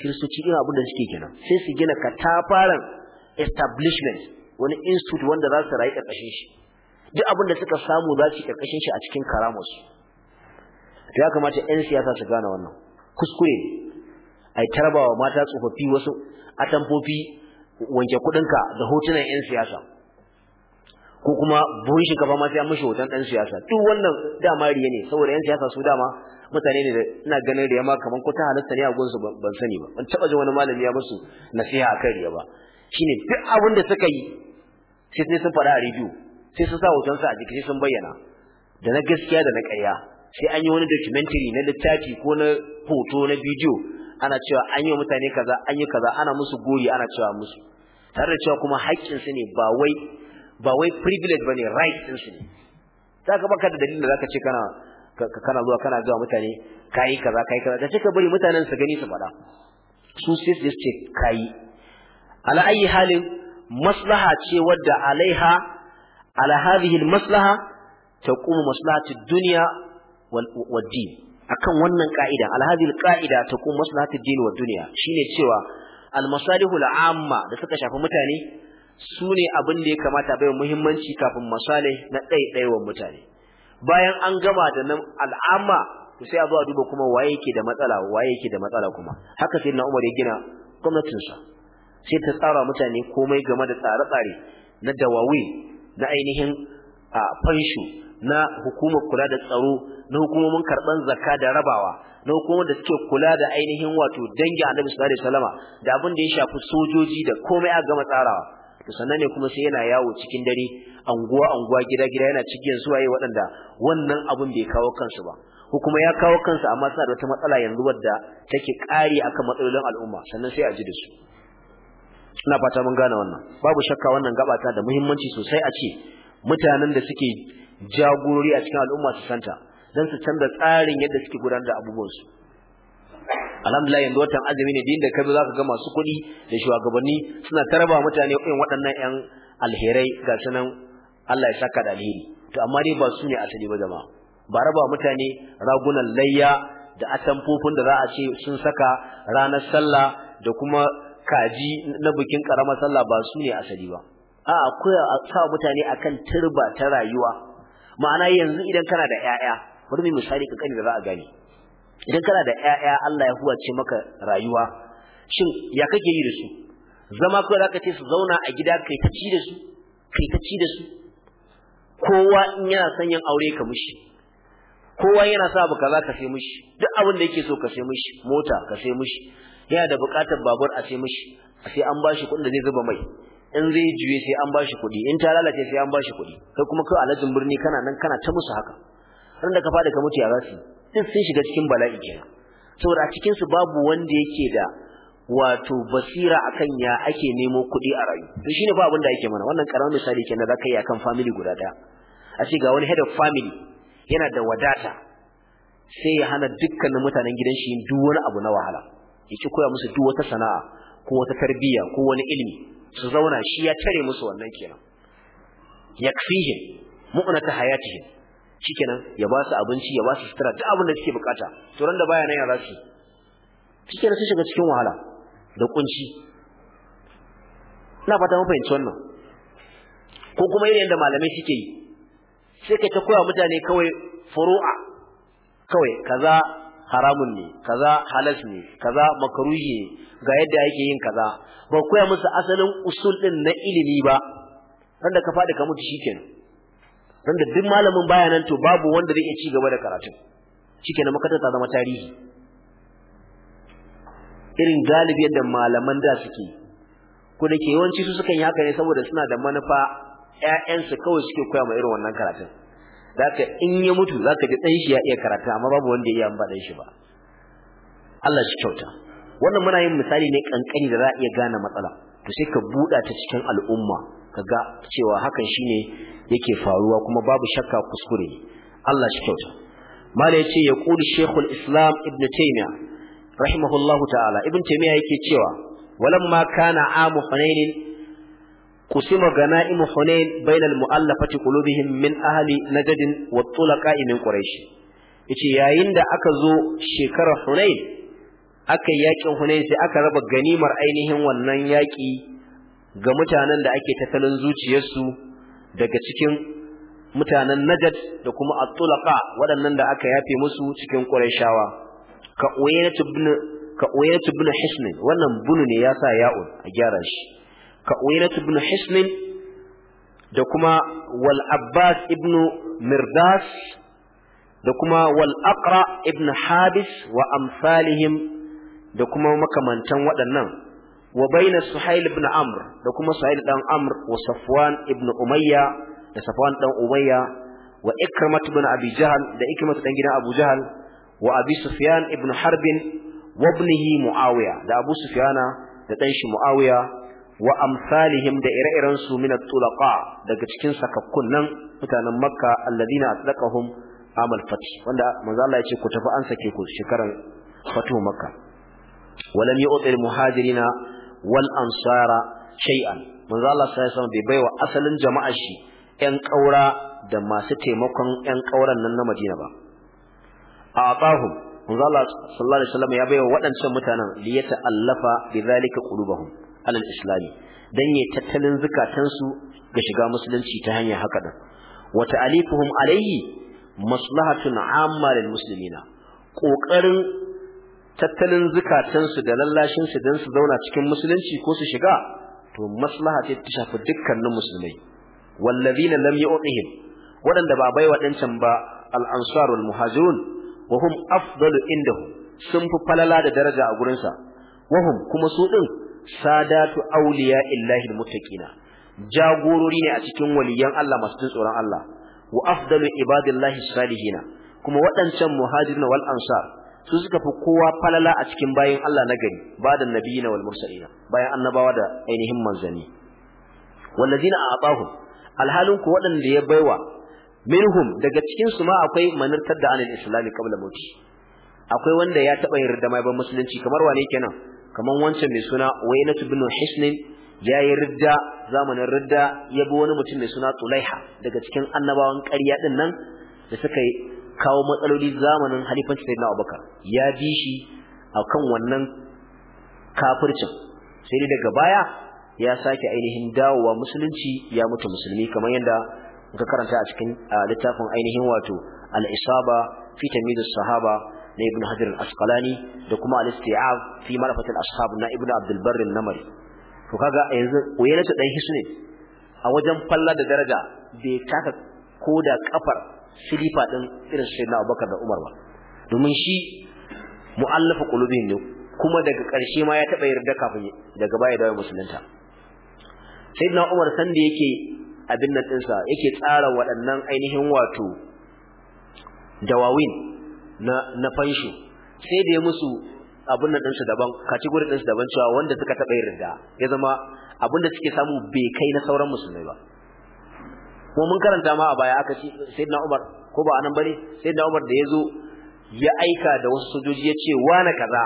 S1: kiristoci irin abin da suke gina sai su gina katafaren establishment wani institute wanda za su rayu ƙarƙashin shi duk abin da suka samu za su yi ƙarƙashin shi a cikin karamus to ya kamata 'yan siyasa su gane wannan kuskure a yi tarbawa mata tsofaffi wasu atamfofi wanke kuɗinka da hotunan 'yan siyasa ko kuma buhun shinkafa ma sai an mishi hoton dan siyasa duk wannan dama riya ne saboda yan siyasa su dama mutane ne da ina ganin riya ma kaman ko ta halatta ne a gunsu ban sani ba ban taba jin wani malami ya musu nasiha akan riya ba shine duk abin da suka yi sai sai sun faɗa a rediyo sai sun sa hoton sa a jiki sun bayyana da na gaskiya da na ƙarya sai an yi wani documentary na littafi ko na hoto na bidiyo ana cewa an yi mutane kaza an yi kaza ana musu gori ana cewa musu tare da cewa kuma haƙƙinsu ne ba wai ba wai privilege ba ne, right din su ne zaka baka da dalilin da za ka ce kana kana zuwa kana zuwa mutane ka yi kaza ka yi kaza Ka ce ka bari mutanen su gani su fada su sai su ce ka yi. ayi halin maslaha ce wadda alaiha ala hadhihi almaslaha taqumu maslahatu dunya wal din akan wannan ka'ida ala hadhihi alqaida taqumu maslahatu din wad duniya. shine cewa almasalihu Amma da suka shafi mutane su ne abin da ya kamata bai muhimmanci kafin masale na ɗaiɗaiwan mutane bayan an gama da nan al'amma to sai a zo a duba kuma waye yake da matsala waye yake da matsala kuma haka sai na Umar ya gina gwamnatinsa sai ta tsara mutane komai game da tsare-tsare na dawawi na ainihin a fanshu na hukumar kula da tsaro na hukumomin karɓar zakka da rabawa na hukumar da suke kula da ainihin wato dangi Annabi sallallahu alaihi wasallama da abin da ya shafi sojoji da komai a gama tsarawa to sannan ne kuma sai yana yawo cikin dare anguwa anguwa gida gida yana cikin yi waɗanda wannan abin bai kawo kansu ba ko kuma ya kawo kansu amma suna da wata matsala yanzu wadda take ƙari akan matsalolin al'umma sannan sai a ji da su ina fata mun gane wannan babu shakka wannan gabata da muhimmanci sosai a ce mutanen da suke jagorori a cikin al'umma su santa don su canza tsarin yadda suke gudanar da abubuwansu alhamdulillah yanzu watan azumi ne din da kai zaka ga masu kuɗi da shugabanni suna taraba mutane irin waɗannan ƴan alherai ga sunan Allah ya saka da alheri to amma dai ba su ne asali ba jama'a ba raba mutane ragunan layya da atamfofin da za a ce sun saka ranar sallah da kuma kaji na bikin karamar sallah ba su ne asali ba a akwai sa mutane akan turba ta rayuwa ma'ana yanzu idan kana da ƴaƴa bari mu misali kani da za a gani idan kana da ƴaƴa Allah ya huwace maka rayuwa shin ya kake yi da su zama kawai zaka ce su zauna a gida kai ta ci da su kai ta ci da su kowa in yana son yin aure ka mushi kowa yana sa abu kaza ka sai mishi duk abin da yake so ka sai mishi mota ka sai mishi yana da buƙatar babur a sai mishi sai an bashi kuɗin da zai zuba mai in zai juye sai an bashi kuɗi in ta lalace sai an bashi kuɗi kai kuma kai alhajin birni kana nan kana ta musu haka ran da ka fada ka mutu ya za duk sun shiga cikin bala'i kenan saboda a cikin su babu wanda yake da wato basira akan ya ake nemo kuɗi a rayu to shine ba abin da yake mana wannan karamin misali kenan zaka yi akan family guda daya a ce ga wani head of family yana da wadata sai ya hana dukkanin mutanen gidan shi duk wani abu na wahala ya ci koya musu duk wata sana'a ko wata tarbiyya ko wani ilimi su zauna shi ya tare musu wannan kenan yakfihim mu'nata hayatihim shikenan ya ba su abinci ya ba su sutura duk abin da suke bukata to ran da baya nan ya za su shikenan sun shiga cikin wahala da kunci ina fata mun fahimci wannan ko kuma irin yadda malamai suke yi sai kai ta koya mutane kawai furu'a kawai kaza haramun ne kaza halas ne kaza makaruhi ne ga yadda yake yin kaza ba koya musu asalin usul din na ilimi ba da ka faɗi ka mutu shikenan dan duk malamin baya nan to babu wanda zai iya ci gaba da karatun shikenan makarantar ta zama tarihi irin galibi da malaman da suke ku da ke yawanci su sukan yi haka ne saboda suna da manufa ƴaƴansu kawai suke koya ma irin wannan karatun zaka in ya mutu zaka ji dan shi ya iya karatu amma babu wanda ya iya ba dan shi ba Allah shi kyauta wannan muna yin misali ne kankani da za a iya gane matsala to sai ka buɗa ta cikin al'umma ga cewa hakan shine yake faruwa kuma babu shakka kuskure Allah shi kyauta mala yace ya kuli shaykhul islam ibn taymiya rahimahullahu ta'ala ibn taymiya yake cewa walamma kana amu hunain qusima ganaimu hunain bainal mu'allafati qulubihim min ahli najd wa tulaqa'i min quraish yace yayin da aka zo shekarar hunain aka yakin hunain sai aka raba ganimar ainihin wannan yaki ga mutanen da ake tattalin zuciyarsu daga cikin mutanen Najd da kuma At-Tulaqa waɗannan da aka yafe musu cikin Qurayshawa ka Uyaynatu ibn ka Uyaynatu ibn Hisn wannan bunu ne ya sa ya'un a gyara shi ka Uyaynatu ibn Hisn da kuma Wal Abbas ibn Mirdas da kuma Wal Aqra ibn Habis wa amsalihim da kuma makamantan waɗannan wa baina Suhail ibn Amr da kuma Suhail dan Amr wa Safwan ibn Umayya da Safwan dan Umayya wa Ikrimah ibn Abi Jahl da Ikrimah dan gidan Abu Jahl wa Abi Sufyan ibn Harb wa ibnihi Muawiya da Abu Sufyana da dan shi Muawiya wa amsalihim da ire-iren su min at-tulaqa daga cikin sakakkun nan mutanen Makka alladina atlaqahum amal fati wanda manzo Allah ya ce ku tafi an sake ku shekaran fatu Makka ولم يؤطي المهاجرين wal ansara shay'an manzo Allah bai baiwa asalin jama'a shi ƴan ƙaura da masu taimakon ƴan ƙauran nan na Madina ba a atahum manzo Allah sallallahu alaihi wasallam ya baiwa waɗancan mutanen li yata'allafa bi zalika qulubuhum alal islami dan yi tattalin zukatansu ga shiga musulunci ta hanyar haka din wa ta'alifuhum alayhi maslahatun amma lil muslimina kokarin tattalin zukatansu da lallashinsu don su zauna cikin musulunci ko su shiga to maslaha ce ta shafi dukkanin musulmai wallazina lam yu'tihim waɗanda ba bai waɗancan ba al-ansar wal muhajirun wa hum afdalu indahu sun fi falala da daraja a gurin sa wa hum kuma su din sadatu awliya illahi muttaqina jagorori ne a cikin waliyan Allah masu tsoron Allah wa afdalu ibadillahi salihina kuma waɗancan muhajirin wal ansar su suka fi kowa falala a cikin bayan Allah na gari ba da na wal mursalina bayan annabawa da ainihin manzanni wallazina a'tahu alhalun ku waɗanda ya baiwa minhum daga cikin su ma akwai manartar da anil islami kabla mauti akwai wanda ya taba yarda mai ban musulunci kamar wane kenan kamar wancan mai suna waynat ibn hisn ya yi ridda zamanin ridda ya bi wani mutum mai suna tulaiha daga cikin annabawan ƙarya din nan da suka yi kawo matsaloli zamanin halifanci sai na abubakar ya bi shi a kan wannan kafircin sai dai daga baya ya sake ainihin dawowa musulunci ya mutu musulmi kamar yadda ka karanta a cikin littafin ainihin wato alisaba isaba fi tamyiz sahaba na ibn hajar al da kuma Ali istiab fi marifat ashab na ibn Abdulbarri na barr an-namri to kaga yanzu uyailatu dan hisne a wajen falla da daraja bai taka koda kafar silifa din irin shi na Abubakar da Umar ba domin shi mu'allafa qulubin ne kuma daga ƙarshe ma ya taɓa yarda kafin daga baya dawo musulunta sayyidina Umar sanda yake abin nan ɗinsa yake tsara waɗannan ainihin wato dawawin na na fansho sai da ya musu abin nan ɗinsu daban kategori ɗinsu daban cewa wanda suka taɓa yarda ya zama abin da suke samu bai kai na sauran musulmai ba ko mun karanta ma a baya aka ce sayyidina Umar ko ba anan bane sayyidina Umar da yazo ya aika da wasu sojoji ya ce wani kaza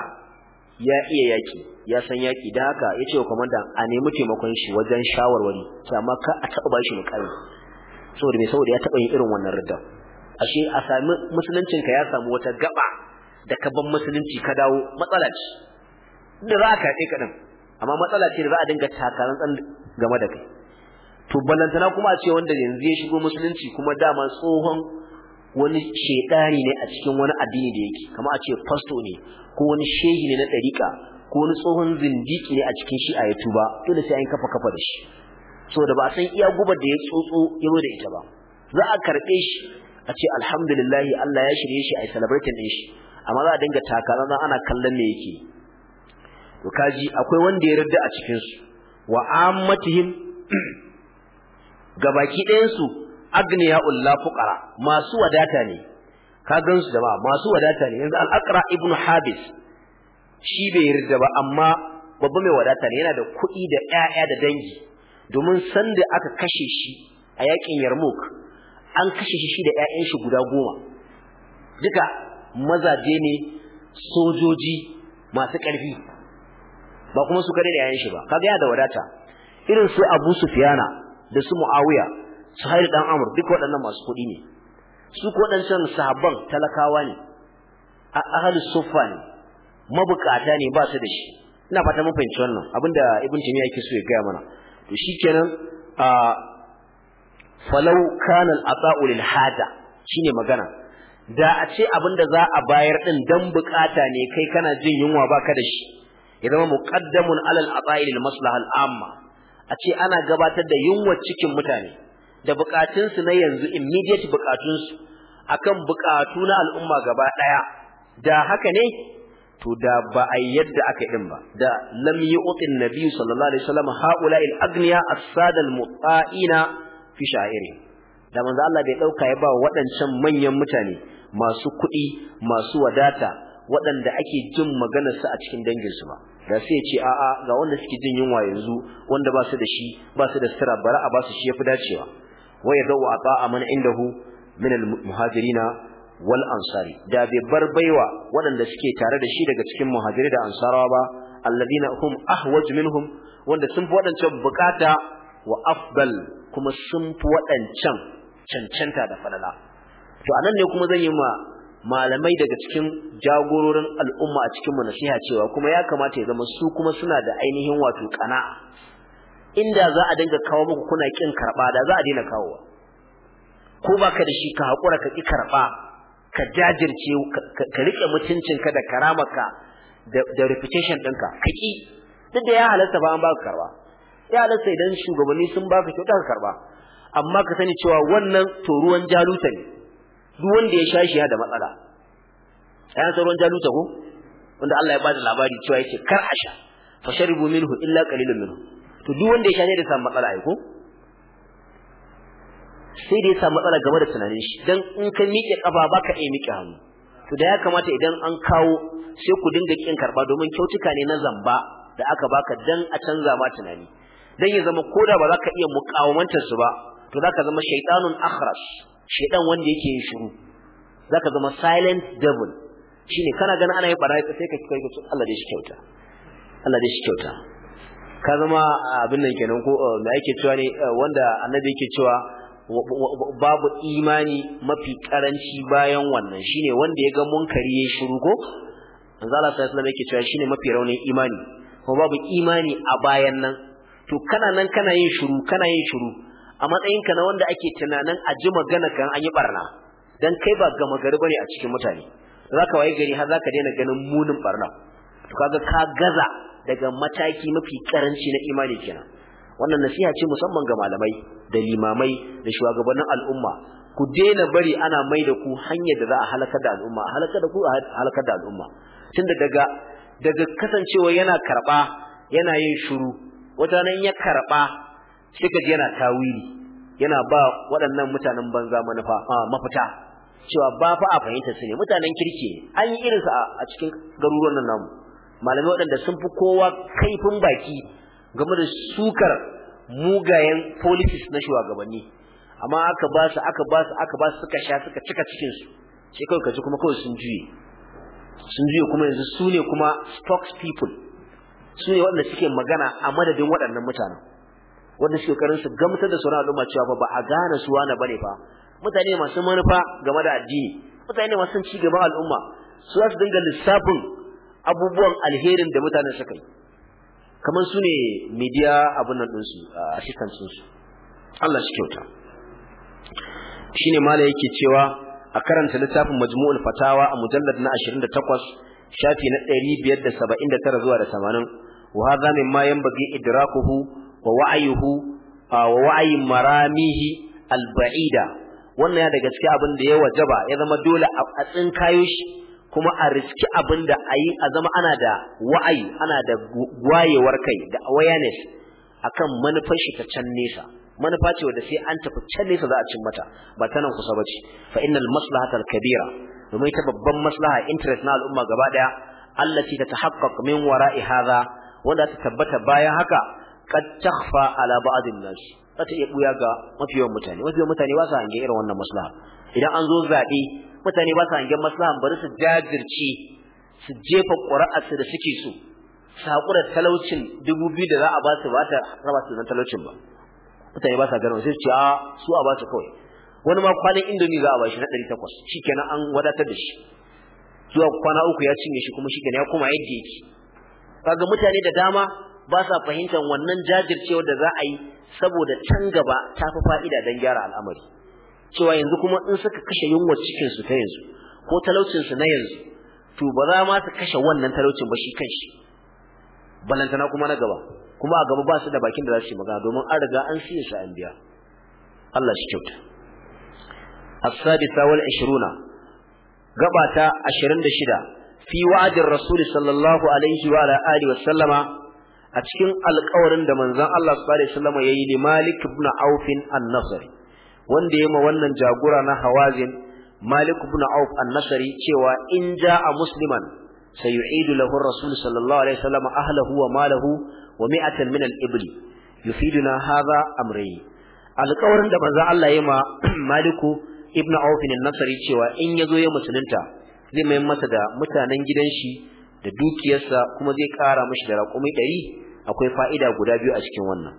S1: ya iya yaki ya san yaki da haka ya ce wa kwamandan a nemi taimakon shi wajen shawarwari sai amma ka a taɓa bashi mukami saboda me saboda ya taɓa yin irin wannan ridda ashe a sami musuluncinka ya samu wata gaba da ka ban musulunci ka dawo matsala ce da za ka kaɗe kaɗan amma matsala ce da za a dinga takarantsan game da kai to balantana kuma a ce wanda yanzu ya shigo musulunci kuma dama tsohon wani shedani ne a cikin wani addini da yake kama a ce fasto ne ko wani shehi ne na ɗariƙa ko wani tsohon zindiki ne a cikin shi a ya tuba dole sai an kafa kafa da shi So da ba a san iya gubar da ya tsotso ya da ita ba za a karɓe shi a ce alhamdulillah Allah ya shirye shi a celebrating din shi amma za a dinga takara na ana kallon me yake to kaji akwai wanda ya yarda a cikin su wa ammatihim Ga gabaki ɗayansu agniya ulla fuqara masu wadata ne ka gansu jama'a masu wadata ne yanzu al-aqra ibnu habis shi bai yarda ba amma babba mai wadata ne yana da kuɗi da ƴaƴa da dangi domin sanda aka kashe shi a yakin Yarmuk, an kashe shi da ƴaƴan shi guda goma duka mazaje ne sojoji masu ƙarfi ba kuma su kare da ƴaƴan shi ba kaga yana da wadata irin su Abu Sufyana da su Muawiya Suhail dan Amr duk waɗannan masu kuɗi ne su ko waɗancan sahabban talakawa ne a ahlus suffa mabukata ne ba su da shi ina fata mun fahimci wannan abinda ibn Taymiyyah yake so ya gaya mana to shikenan a falau kana al-ata'u lil hada shine magana da a ce abinda za a bayar din dan bukata ne kai kana jin yunwa baka da shi ya zama muqaddamun alal ata'i lil maslaha al-amma a ce ana gabatar da yunwar cikin mutane da bukatunsu na yanzu immediate bukatunsu akan bukatu na al'umma gaba ɗaya. da haka ne to da ba a yadda aka din ba da lam yu'ti an-nabi sallallahu alaihi wasallam haula al agniya as-sada al fi sha'iri da manzo Allah bai dauka ya ba waɗancan manyan mutane masu kuɗi masu wadata waɗanda ake jin maganarsa a cikin danginsu ba da sai ya ce a'a ga wanda suke jin yunwa yanzu wanda ba su da shi ba su da sira bara a ba su shi yafi dacewa wa ya dawa ata'a man indahu min al-muhajirina wal ansari da bai bar baiwa waɗanda suke tare da shi daga cikin muhajiri da ansarawa ba alladina hum ahwaj minhum wanda sun fi waɗancan bukata wa afdal kuma sun fi waɗancan cancanta da falala to anan ne kuma zan yi ma malamai daga cikin jagororin al'umma a cikin mu nasiha cewa kuma ya kamata ya zama su kuma suna da ainihin wato kana inda za a dinga kawo muku kuna kin karba da za a daina kawowa ko baka da shi ka hakura ka ki karba ka jajirce ka rike mutuncinka da karamarka da reputation ɗinka ka ki duk da ya halatta ba an baka karba ya halatta idan shugabanni sun baka kyauta ka karɓa. amma ka sani cewa wannan to ruwan jaluta ne duk wanda ya sha ya da matsala ayan sauran jaluta ko wanda Allah ya bada labari cewa yake kar a sha sharibu minhu illa qalilun minhu to duk wanda ya sha ne da samu matsala ai ko sai da ya samu matsala game da tunanin shi dan in ka miƙe kafa baka iya miƙe hannu to da ya kamata idan an kawo sai ku dinga kin karba domin kyautuka ne na zamba da aka baka dan a canza ma tunani dan ya zama koda ba za ka iya mukawamantar su ba to za ka zama shaytanun akhras shedan wanda yake yin shiru zaka zama silent devil shine kana ganin ana yin barayi sai ka kai Allah da shi kyauta Allah da shi kyauta ka zama ah, abin nan kenan ko ah, me ake cewa ne ah, wanda annabi yake cewa babu imani mafi karanci bayan wannan shine wanda ya ga munkari ya shiru ko manzo Allah sallallahu alaihi wasallam yake cewa shine mafi raunin imani ko babu imani a bayan nan to kana nan kana yin shiru kana yin shiru a matsayinka na wanda ake tunanin a ji magana kan an yi barna dan kai ba gama gari bane a cikin mutane Za ka waye gari har za ka daina ganin munin barna to kaga ka gaza daga mataki mafi karanci na imani kenan wannan nasiha ce musamman ga malamai da limamai da shugabannin al'umma ku daina bari ana mai da ku hanyar da za a halaka da al'umma halaka da ku a halaka da al'umma tunda daga daga kasancewa yana karba yana yin shiru wata nan ya karba sai kaji yana tawili yana ba waɗannan mutanen banza manufa mafita cewa ba fa a fahimta su ne mutanen kirki ne an yi irinsa a cikin garuruwan nan namu Malami waɗanda sun fi kowa kaifin baki game da sukar mugayen policies na shugabanni amma aka ba su aka ba su aka ba su suka sha suka cika cikin su sai kawai kaji kuma kawai sun juye sun juye kuma yanzu su ne kuma spokespeople su ne waɗanda suke magana a madadin waɗannan mutanen wanda suke karin su gamsar da sauran al'umma cewa ba a gane su wani bane fa mutane masu manufa game da addini mutane masu ci gaba al'umma su za su dinga lissafin abubuwan alherin da mutanen suka yi kamar su ne media abun nan ɗinsu shikan su. Allah shi kyauta shine mala yake cewa a karanta littafin majmu'ul fatawa a mujallad na 28 shafi na 579 zuwa da 80 wa hadha mimma yanbaghi idrakuhu wa wa'ayuhu wa wa'ayi maramihi alba'ida wannan ya daga cikin abin da ya wajaba ya zama dole a tsinkayo shi kuma a riski abin da ayi a zama ana da wa'ayi ana da wayewar kai da awareness akan manufar shi ta can nesa manufa ce da sai an tafi can nesa za a cin mata ba ta nan kusa ci. fa innal maslahata kabira domin ita babban maslaha interest na al'umma gaba daya allati tatahaqqaq min wara'i hadha wanda ta tabbata bayan haka qad takhfa ala ba'd an-nas zata iya buya ga mafiyan mutane mafiyan mutane ba su hange irin wannan maslaha idan an zo zabe mutane ba su hange maslahan bari su jajirce su jefa ƙuri'arsu da suke so saƙurar talaucin dubu biyu da za a ba su ba ta raba su nan talaucin ba mutane ba sa gano sai su ce a su a ba su kawai wani ma kwanan indomi za a ba shi na ɗari takwas shikenan an wadatar da shi zuwa kwana uku ya cinye shi kuma shikenan ya koma yadda yake kaga mutane da dama ba sa fahimtar wannan jajircewar da za a yi saboda can gaba ta fi fa'ida don gyara al'amari cewa yanzu kuma in suka kashe yunwar cikinsu ta yanzu ko talaucinsu na yanzu to ba za ma su kashe wannan talaucin ba shi kanshi balantana kuma na gaba kuma a gaba ba su da bakin da za su yi magana domin an riga an siya shi an biya Allah shi kyauta as-sadisa wal 20 gaba ta 26 fi wa'adin rasul sallallahu alaihi wa alihi wa sallama a cikin alƙawarin da manzon Allah sallallahu alaihi wasallam yayi li Malik ibn Auf an-Nasri wanda yayi ma wannan jagora na Hawazin Malik ibn Auf an-Nasri cewa in jaa musliman sayu'idu lahu ar-rasul sallallahu alaihi wasallam ahlahu wa malahu wa mi'atan min al-ibli yufiduna hadha amri alƙawarin da manzon Allah yayi ma Malik ibn Auf an-Nasri cewa in yazo ya musulunta zai mai masa da mutanen gidan shi da dukiyarsa kuma zai kara mishi da raƙumi ɗari akwai fa'ida guda biyu a cikin wannan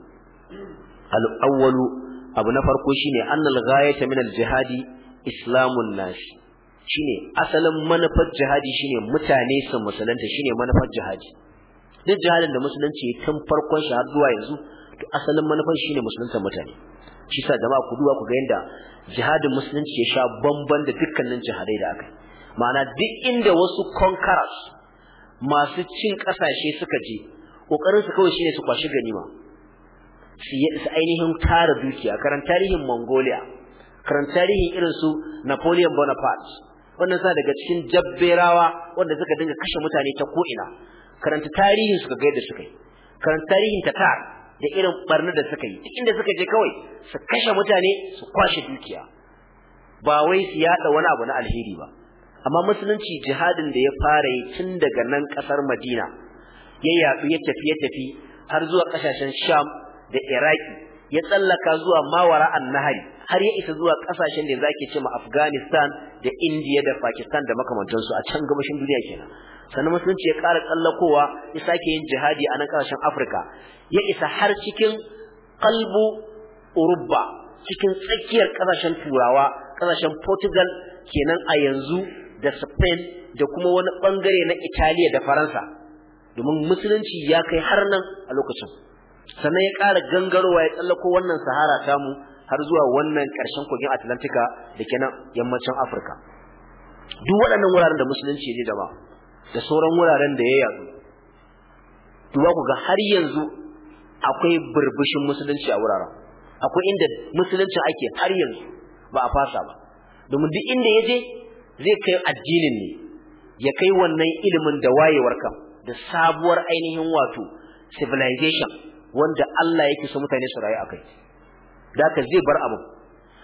S1: al'awwalu abu na farko shine annal ghayata min al-jihadi islamun nas shine asalin manufar jihadi shine mutane su musulunta shine manufar jihadi duk jihadin da musulunci tun farkon shi har zuwa yanzu to asalin manufar shine musulunta mutane shi sa jama'a ku duba ku ga yanda jihadin musulunci ya sha bamban da dukkanin jihadai da aka ma'ana duk inda wasu conquerors masu cin ƙasashe suka je kokarin su kawai shine su kwashi ganima su ainihin tara dukiya karan tarihin Mongolia karan tarihin irin su Napoleon Bonaparte wannan sa daga cikin jabberawa wanda suka dinga kashe mutane ta ko'ina karanta tarihin suka ga yadda suka yi karanta tarihin Tatar da irin barnar da suka yi duk inda suka je kawai su kashe mutane su kwashe dukiya ba wai su yada wani abu na alheri ba amma musulunci jihadin da ya fara yi tun daga nan kasar Madina ya yadu ya tafi ya tafi har zuwa ƙasashen Sham da Iraki ya tsallaka zuwa Mawara annahari, nahari har ya isa zuwa ƙasashen da zake cewa Afghanistan da India da Pakistan da makamantansu a can gabashin duniya kenan sannan musulunci ya ƙara tsallakowa ya sake yin jihadi a nan kasashen Afirka ya isa har cikin qalbu Urubba cikin tsakiyar ƙasashen Turawa ƙasashen Portugal kenan a yanzu da Spain da kuma wani bangare na Italiya da Faransa domin musulunci ya kai har nan a lokacin sannan ya ƙara gangarowa ya tsallako wannan sahara tamu har zuwa wannan ƙarshen kogin Atlantika da kenan yammacin Afirka duk waɗannan wuraren da musulunci ya je da da sauran wuraren da ya yadu duba ku ga har yanzu akwai burbushin musulunci a wuraren akwai inda musulunci ake har yanzu ba a fasa ba domin duk inda ya je zai kai addinin ne ya kai wannan ilimin da wayewar kan da sabuwar ainihin wato civilization wanda Allah yake so mutane su rayu akai da ka zai bar abu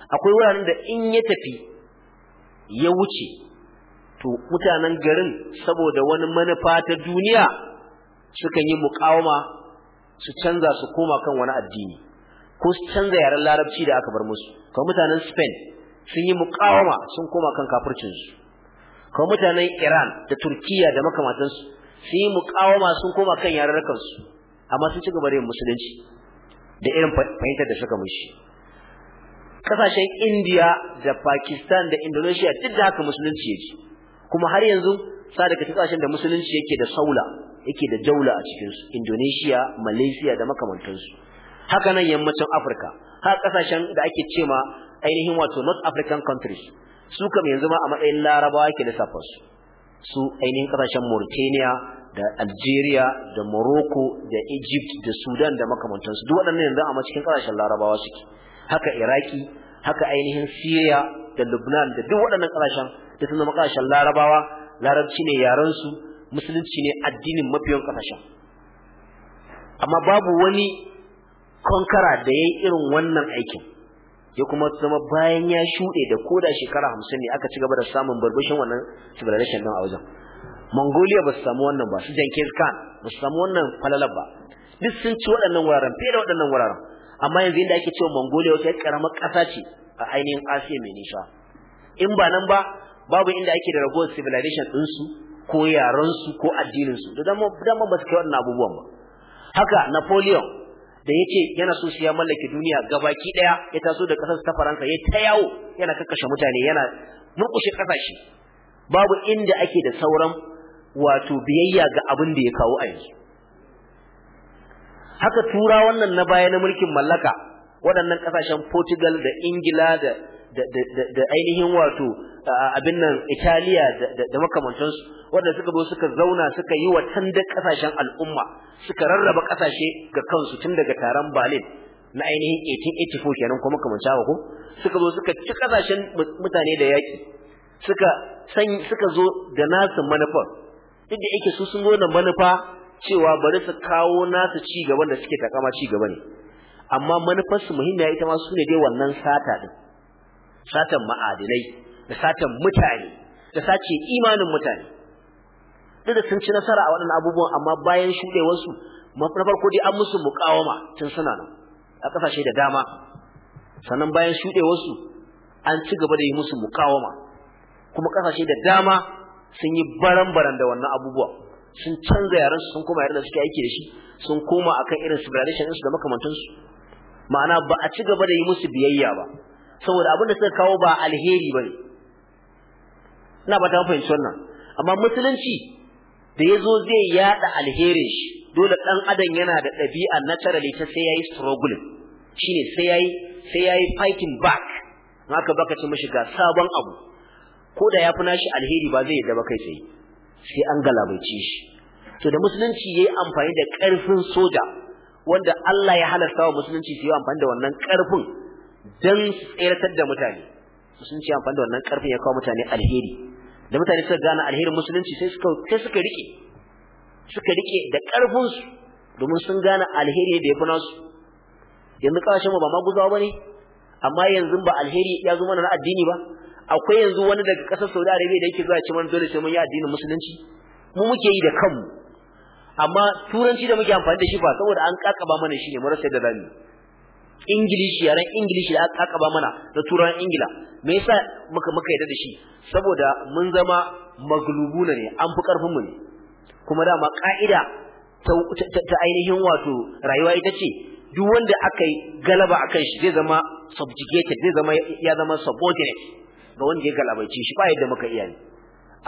S1: akwai wuraren da in ya tafi ya wuce to mutanen garin saboda wani manufa ta duniya sukan yi muƙawama su canza su koma kan wani addini ko su canza yaren larabci da aka bar musu kamar mutanen Spain sun yi muƙawama, sun koma kan kafircin su mutanen Iran da Turkiya da makamantansu su sun yi muƙawama, sun koma kan yararkan su amma sun ci gaba da musulunci da irin fahimtar da suka mushi kasashen India da Pakistan da Indonesia duk da haka musulunci yake kuma har yanzu sa daga kasashen da musulunci yake da saula yake da jaula a cikin Indonesia Malaysia da makamantan haka nan yammacin Afirka har kasashen da ake cewa ainihin wato North African countries su kam yanzu ma a matsayin Larabawa yake lissafa su su ainihin kasashen Mauritania da Algeria da Morocco da Egypt da Sudan da makamantansu duk waɗannan yanzu a cikin kasashen Larabawa suke haka Iraki haka ainihin Syria da Lebanon da duk waɗannan kasashen da sun zama kasashen Larabawa larabci ne yarensu, su musulunci ne addinin mafiyan kasashen amma babu wani konkara da yayi irin wannan aikin ya kuma zama bayan ya shuɗe da ko da shekara hamsin ne aka ci gaba da samun barbashin wannan civilization ɗin a wajen Mongolia ba su samu wannan ba su Genghis Khan ba su samu wannan falalar ba duk sun ci waɗannan wuraren fiye da waɗannan wuraren amma yanzu inda ake cewa Mongolia wata karamar ƙasa ce a ainihin Asiya mai nisa in ba nan ba babu inda ake da ragowar civilization ɗinsu ko yarensu ko addininsu da dama ba su kai waɗannan abubuwan ba haka Napoleon da ya ce yana so su ya mallake duniya gabaki daya ya taso da kasar ta faransa ya ta yawo yana kakkashe mutane yana murkushe kasashe babu inda ake da sauran wato biyayya ga abin da ya kawo a yanzu haka tura wannan na baya na mulkin mallaka waɗannan kasashen portugal da ingila da da ainihin wato abin nan Italiya da makamantansu wanda suka zo suka zauna suka yi wa tanda kasashen al'umma suka rarraba kasashe ga kansu tun daga taron Berlin na ainihin 1884 kenan kuma makamanta ko suka zo suka ci kasashen mutane da yaki suka suka zo da nasu manufar duk da yake su sun zo da manufa cewa bari su kawo nasu ci gaban da suke takama ci gaba ne amma manufarsu muhimmiya ita ma su ne dai wannan sata din satan ma'adinai da satan mutane da sace imanin mutane duk da sun ci nasara a waɗannan abubuwan amma bayan shuɗewarsu na farko dai an musu muƙawama tun suna nan a ƙasashe da dama sannan bayan shuɗewarsu an ci gaba da yi musu muƙawama kuma ƙasashe da dama sun yi baran-baran da wannan abubuwa sun canza yaran sun koma yaran da suke aiki da shi sun koma akan irin civilization ɗinsu da makamantansu ma'ana ba a ci gaba da yi musu biyayya ba saboda abin da suka kawo ba alheri bane ina ba ta fahimci wannan amma musulunci da ya zo zai yada alherin shi dole dan adam yana da ɗabi'a naturally ta sai yayi struggle shine sai yayi sai yayi fighting back haka baka ci mishi ga sabon abu ko da yafi nashi alheri ba zai yadda ba kai sai sai an galabaice shi to da musulunci yayi amfani da ƙarfin soja wanda Allah ya halasta wa musulunci su yi amfani da wannan ƙarfin dan tseratar da mutane musulunci amfani da wannan karfin ya kawo mutane alheri da mutane suka gane alherin musulunci sai suka sai suka rike suka rike da karfin su domin sun gane alheri da yafi nasu yanzu kasashen mu ba ma guzawa bane amma yanzu ba alheri ya zo mana na addini ba akwai yanzu wani daga kasar Saudi Arabia da yake zuwa ce mana dole sai mun yi addinin musulunci mu muke yi da kanmu amma turanci da muke amfani da shi fa saboda an kakaba mana shi ne mu rasa da zamu ingilishi yaren ingilishi da aka ba mana da turan ingila me yasa muka muka yarda da shi saboda mun zama maglubuna ne an fi karfin mu ne kuma dama ka'ida ta ainihin wato rayuwa ita ce duk wanda aka yi galaba akan shi zai zama subjugated zai zama ya zama subordinate ga wanda ya galabaice shi ba yadda muka iya ne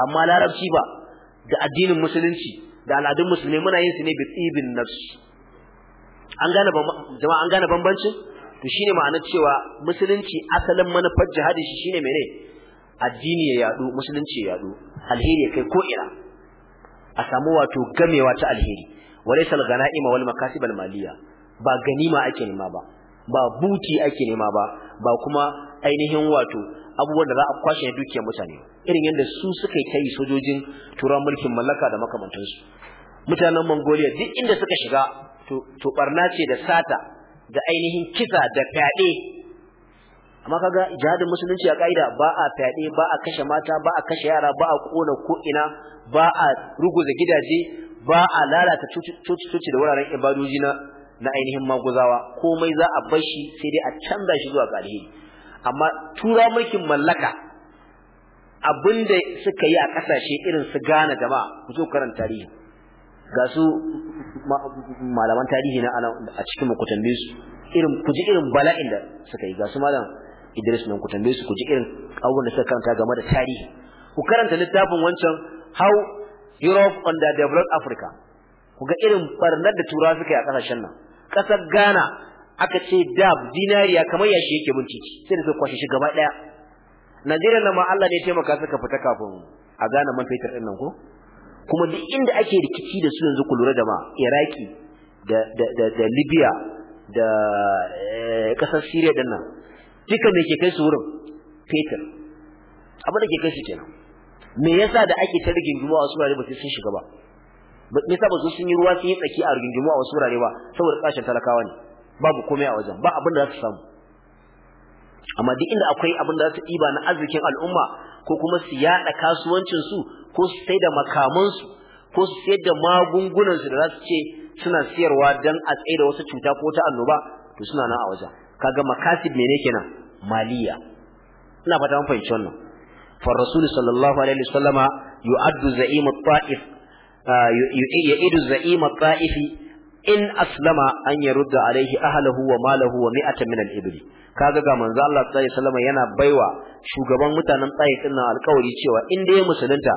S1: amma larabci ba da addinin musulunci da al'adun musulmi muna yin su ne bi tsibin nafsi an gane jama'a an gane bambanci to shine ma'anar cewa musulunci asalin manufar jihadin shi shine mene addini ya yadu musulunci ya yadu alheri kai ko ira a samu wato gamewa ta alheri walaysa al wal makasib al-maliya ba ganima ake nema ba ba buti ake nema ba ba kuma ainihin wato abubuwan da za a kwashe dukiyar mutane irin yadda su suka yi kai sojojin turan mulkin mallaka da makamantansu mutanen Mongolia duk inda suka shiga to ce da sata da ainihin kisa da fyaɗe amma kaga jihadin musulunci a ka'ida ba a fyaɗe ba a kashe mata ba a kashe yara ba a kona ko ina ba a ruguza gidaje ba a lalata cuci da wuraren ibadoji na na ainihin maguzawa komai za a bar shi sai dai a canza shi zuwa alheri amma tura mulkin mallaka abinda suka yi a ƙasashe irin su Ghana jama'a ku zo karanta tarihi ga su malaman tarihi na a cikin makutambe su irin ku ji irin bala'in da suka yi ga su malam Idris nan ku su ku ji irin abubuwan da suka karanta game da tarihi ku karanta littafin wancan how Europe under developed Africa ku ga irin barnar da turawa suka yi a kasashen nan kasar Ghana aka ce dab dinariya kamar yashi yake bincike sai da suka kwashe shi gaba daya Najeriya na ma Allah ne ya taimaka suka fita kafin a gane man fetur din nan ko kuma duk inda ake rikici da su yanzu ku lura da ma Iraki da da da, da Libya da kasar eh, Syria din nan duka me ke kai su wurin fetur abin da ke kai su kenan me yasa da ake ta rigingimu a wasu wurare ba sai sun shiga ba me yasa ba su sun yi ruwa sun yi tsaki a rigingimu a wasu wurare ba saboda kashin talakawa ne babu komai a wajen ba abin da za su samu amma duk inda akwai abin da za su ɗiba na arzikin al'umma ko kuma su yaɗa kasuwancin su ko su sai da makamansu ko su sai da magungunan su da za su ce suna siyarwa dan a tsaye da wasu cuta ko ta annoba to suna nan a wajen kaga makasib mene kenan maliya ina fata mun fahimci wannan fa rasul sallallahu alaihi wasallama yu'addu za'im at-ta'if yu'idu za'im at-ta'if in aslama an yarudda alaihi ahlahu wa malahu wa mi'atan min al-ibli kaga ga manzo Allah sallallahu alaihi wasallam yana baiwa shugaban mutanen tsayi din nan alƙawari cewa in dai musulunta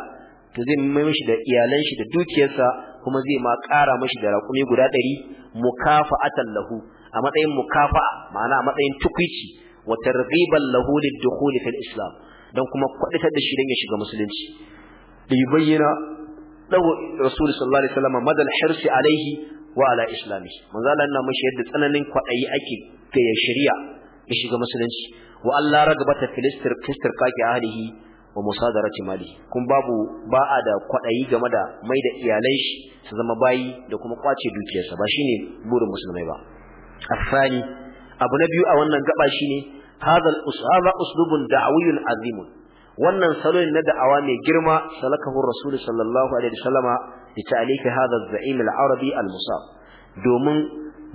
S1: to zai mai mishi da iyalan shi da dukiyarsa kuma zai ma ƙara mishi da raƙumi guda ɗari mukafa'atan lahu a matsayin mukafa'a ma'ana a matsayin tukwici wa targhiban lahu lid-dukhuli fil islam dan kuma kwadatar da shi dan ya shiga musulunci da bayyana dawo rasul sallallahu alaihi wasallam madal hirsi alaihi wa ala islami manzo Allah yana mishi yadda tsananin kwaɗayi ake ga shari'a ya shiga musulunci wa Allah ragabata filistir kistir kaki ahlihi wa musadarati mali kun babu ba a da kwadayi game da mai da iyalai shi su zama bayi da kuma kwace dukiyarsa ba shine burin musulmai ba afani abu na biyu a wannan gaba shine hadha al-usaba uslubun da'wiyyun azimun wannan salon na da'awa mai girma salakahu rasul sallallahu alaihi wasallama li ta'liqi hadha az-za'im al-arabi al-musab domin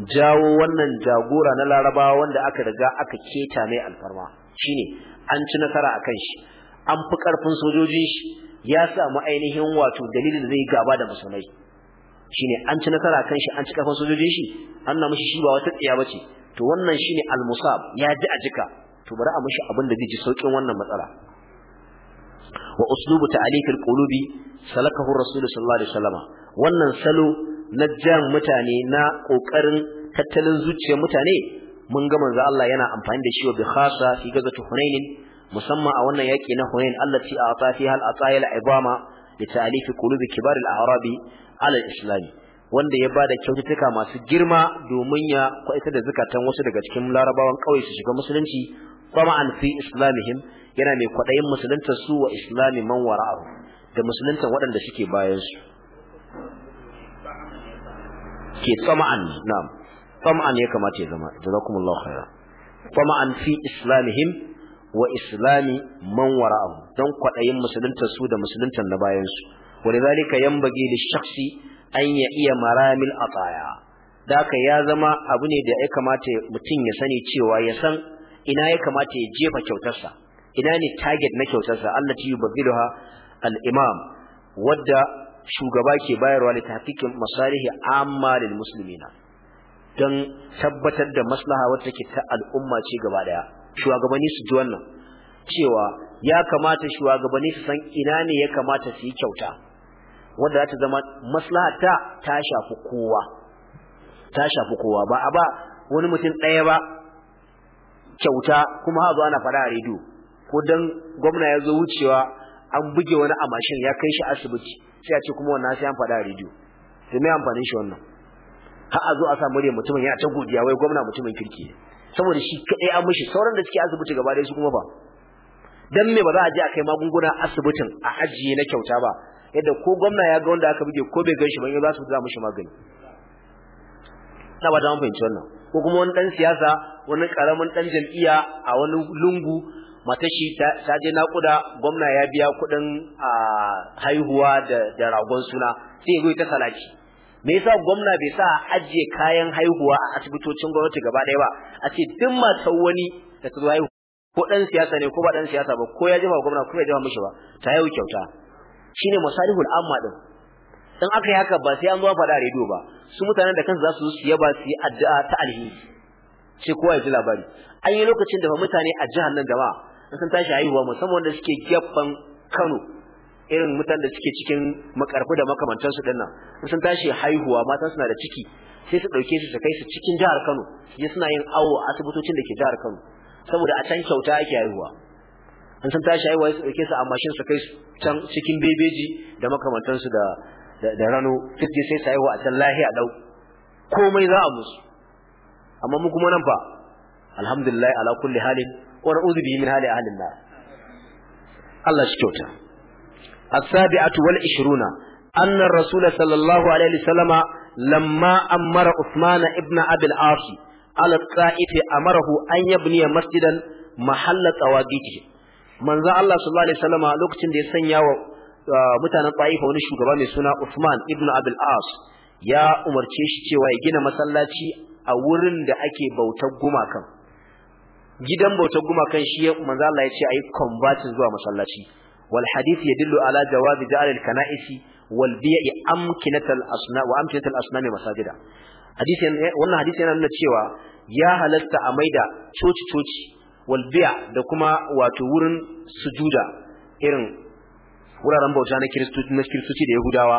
S1: jawo wannan jagora na larabawa wanda aka riga aka keta mai alfarma shine an ci nasara akan shi an fi karfin sojojin shi ya samu ainihin wato dalilin da zai gaba da musulmai shine an ci nasara kan shi an ci karfin sojojin shi an na mishi shi ba wata tsiya ce. to wannan shine al ya ji a jika to bari a mishi abin da zai ji saukin wannan matsala wa uslubu ta'alikul qulubi salakahu rasul sallallahu alaihi wasallam wannan salo na jan mutane na kokarin tattalin zuciyar mutane mun ga manzo Allah yana amfani da shi wa bi khasa fi gazatu hunain musamman a wannan yaki na hunain allati a'ta fiha al-atayil ibama li ta'lif qulubi kibar al-a'rabi ala al-islam wanda ya bada kyaututtuka masu girma domin ya kwaita da zakatan wasu daga cikin larabawan kauye su shiga musulunci an fi islamihim yana mai kwadayin musulunta su wa islami man da musulunta waɗanda suke bayan su yake sama'an na'am sama'an ya kamata ya zama jazakumullahu khaira sama'an fi islamihim wa islami man wara'ahu dan kwadayin musuluntar su da musuluntar na bayan su walidhalika yanbaghi lishakhsi an ya iya maramil ataya daka ya zama abu ne da ya kamata mutum ya sani cewa ya san ina ya kamata ya jefa kyautarsa ina ne target na kyautarsa allati yubadhiluha al-imam wadda shugaba ke bayarwa li tahqiqin masalihi amma lil muslimina dan tabbatar da maslaha wacce ke ta al'umma ce gaba daya shugabanni su ji wannan cewa ya kamata shugabanni su san ina ne ya kamata su yi kyauta wanda za ta zama maslaha ta ta shafi kowa ta shafi kowa ba a ba wani mutum ɗaya ba kyauta kuma zo ana fara a rediyo ko dan gwamna ya zo wucewa an buge wani a mashin ya kai shi asibiti sai a ce kuma wannan sai an faɗa a rediyo sai mai amfanin shi wannan har a zo a sa murya mutumin ya ta godiya wai gwamna mutumin kirki saboda shi kaɗai an mishi sauran da suke asibiti gaba ɗaya su kuma ba dan me ba za a je a kai magunguna asibitin a ajiye na kyauta ba yadda ko gwamna ya ga wanda aka buge ko bai gan shi ba in za su za mishi magani na ba ta fahimci wannan ko kuma wani dan siyasa wani karamin dan jam'iyya a wani lungu matar shi ta je naƙuda gwamna ya biya kuɗin haihuwa da ragon suna sai ya ta salaki. me yasa gwamna bai sa ajiye kayan haihuwa a asibitocin gwamnati gaba ɗaya ba a ce duk matar wani da ta zo haihu ko ɗan siyasa ne ko ba ɗan siyasa ba ko ya jima gwamna ko ya jima mishi ba ta yau kyauta shine masalihul amma din in aka yi haka ba sai an zo faɗa a rediyo ba su mutanen da kansu za su su yaba su yi addu'a ta alheri sai kowa ya ji labari an yi lokacin da mutane a jihar nan gaba. sun tashi haihuwa musamman da suke gefen Kano irin mutan da suke cikin makarfu da makamantan su dinnan sun tashi haihuwa mata suna da ciki sai su dauke su su kai su cikin jihar Kano je suna yin awo a asibitocin da ke jihar Kano saboda a can kyauta ake haihuwa an san tashi haihuwa su dauke su a mashin su kai can cikin bebeji da makamantan su da da rano duk sai su haihuwa a can lahiya dau komai za a musu amma mu kuma nan fa alhamdulillah ala kulli halin Wani na'udhu bihi min hali ahlin nar Allah shi kyauta as-sabi'atu wal 20 أن الرسول صلى الله عليه وسلم لما أمر عثمان ابن أبي العاص على الطائف أمره أن يبني مسجدا محل طواغيته من ذا الله صلى الله da ya sanya wa ah, mutanen Taifa wani shugaba mai suna Usman ibn Abi as ya umarce shi cewa ya gina masallaci a wurin da ake bautar gumakan gidan bautar gumakan shi manzo Allah ya ce ayi converting zuwa masallaci wal hadith yadullu ala jawazi ja'al al kana'isi wal bi'i asna wa amkinatal asnam masajida hadisi wannan hadisi yana nuna cewa ya halatta a maida coci coci wal bi'a da kuma wato wurin sujuda irin wuraren bauta na kiristoci na kiristoci da yahudawa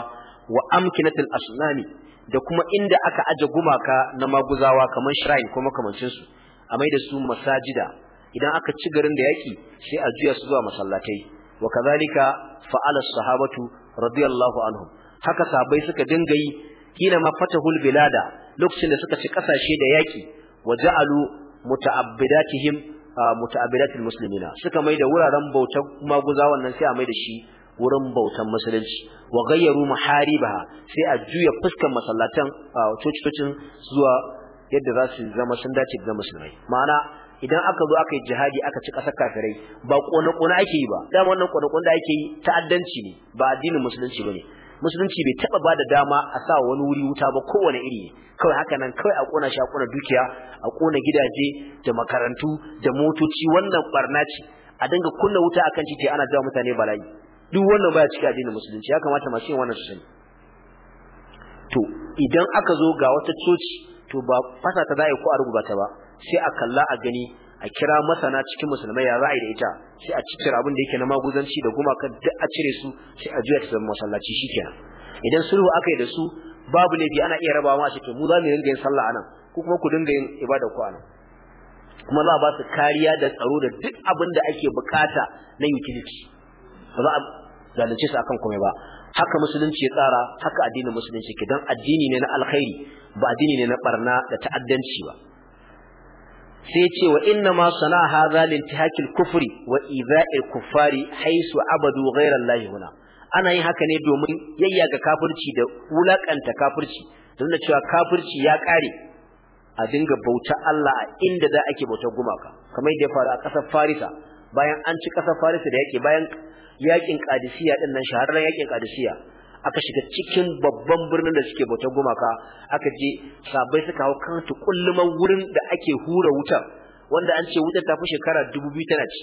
S1: wa amkinatal asnami da kuma inda aka aje gumaka na maguzawa kamar shrine ko makamancin su a mai da su masajida idan aka ci garin da yaki sai a juya su zuwa masallatai wa kazalika fa'ala sahabatu radiyallahu anhum haka sahabbai suka dinga yi kila ma fatahul bilada lokacin da suka ci kasashe da yaki wa ja'alu muta'abbidatihim muta'abbidatil muslimina suka mai da wuraren bautar maguza wannan sai a mai da shi wurin bautan musulunci wa gayyaru maharibaha sai a juya fuskar masallatan cocin zuwa yadda za su zama sun dace da musulmai ma'ana idan aka zo aka yi jihadi aka ci ƙasar kafirai ba ƙone-ƙone ake yi ba da wannan ƙone-ƙone da ake yi ta'addanci ne ba addinin musulunci ba ne musulunci bai taɓa ba da dama a sa wani wuri wuta ba kowane iri kawai haka nan kawai a ƙona shi a ƙona dukiya a ƙona gidaje da makarantu da motoci wannan barna ce a dinga kunna wuta akan titi ana jawo mutane bala'i duk wannan baya cikin addinin musulunci ya kamata masu yin wannan su sani to idan aka zo ga wata coci to ba fasa ta dai ko a rubuta ta ba sai a kalla a gani a kira masana cikin musulmai ya ra'ayi da ita sai a ciccire abin da yake na maguzanci da gumaka duk a cire su sai a juya ta zama masallaci shikenan idan sulhu aka yi da su babu laifi ana iya rabawa a cikin mu za mu dinga yin sallah anan ko kuma ku dinga yin ibada ku anan kuma za a ba su kariya da tsaro da duk abin da ake bukata na utility ba za a zalunce su akan komai ba haka musulunci ya tsara haka addinin musulunci ke don addini ne na alkhairi ba addini ne na barna da ta'addanci ba sai ce wa inna ma sana hadha lil tihakil kufri wa idha'il kuffari haisu abadu ghairan lahi huna ana yin haka ne domin yayyaga kafirci da wulakanta kafirci don cewa kafirci ya kare a dinga bauta Allah a inda za ake bautar gumaka kamar yadda ya faru a ƙasar Farisa bayan an ci ƙasar Farisa da yake bayan yakin kadisiya din nan shahararren yakin kadisiya aka shiga cikin babban birnin da suke bautar gumaka aka je sabai suka hau ta kulluman wurin da ake hura wutar wanda an ce wutar ta fi shekara dubu biyu tana ci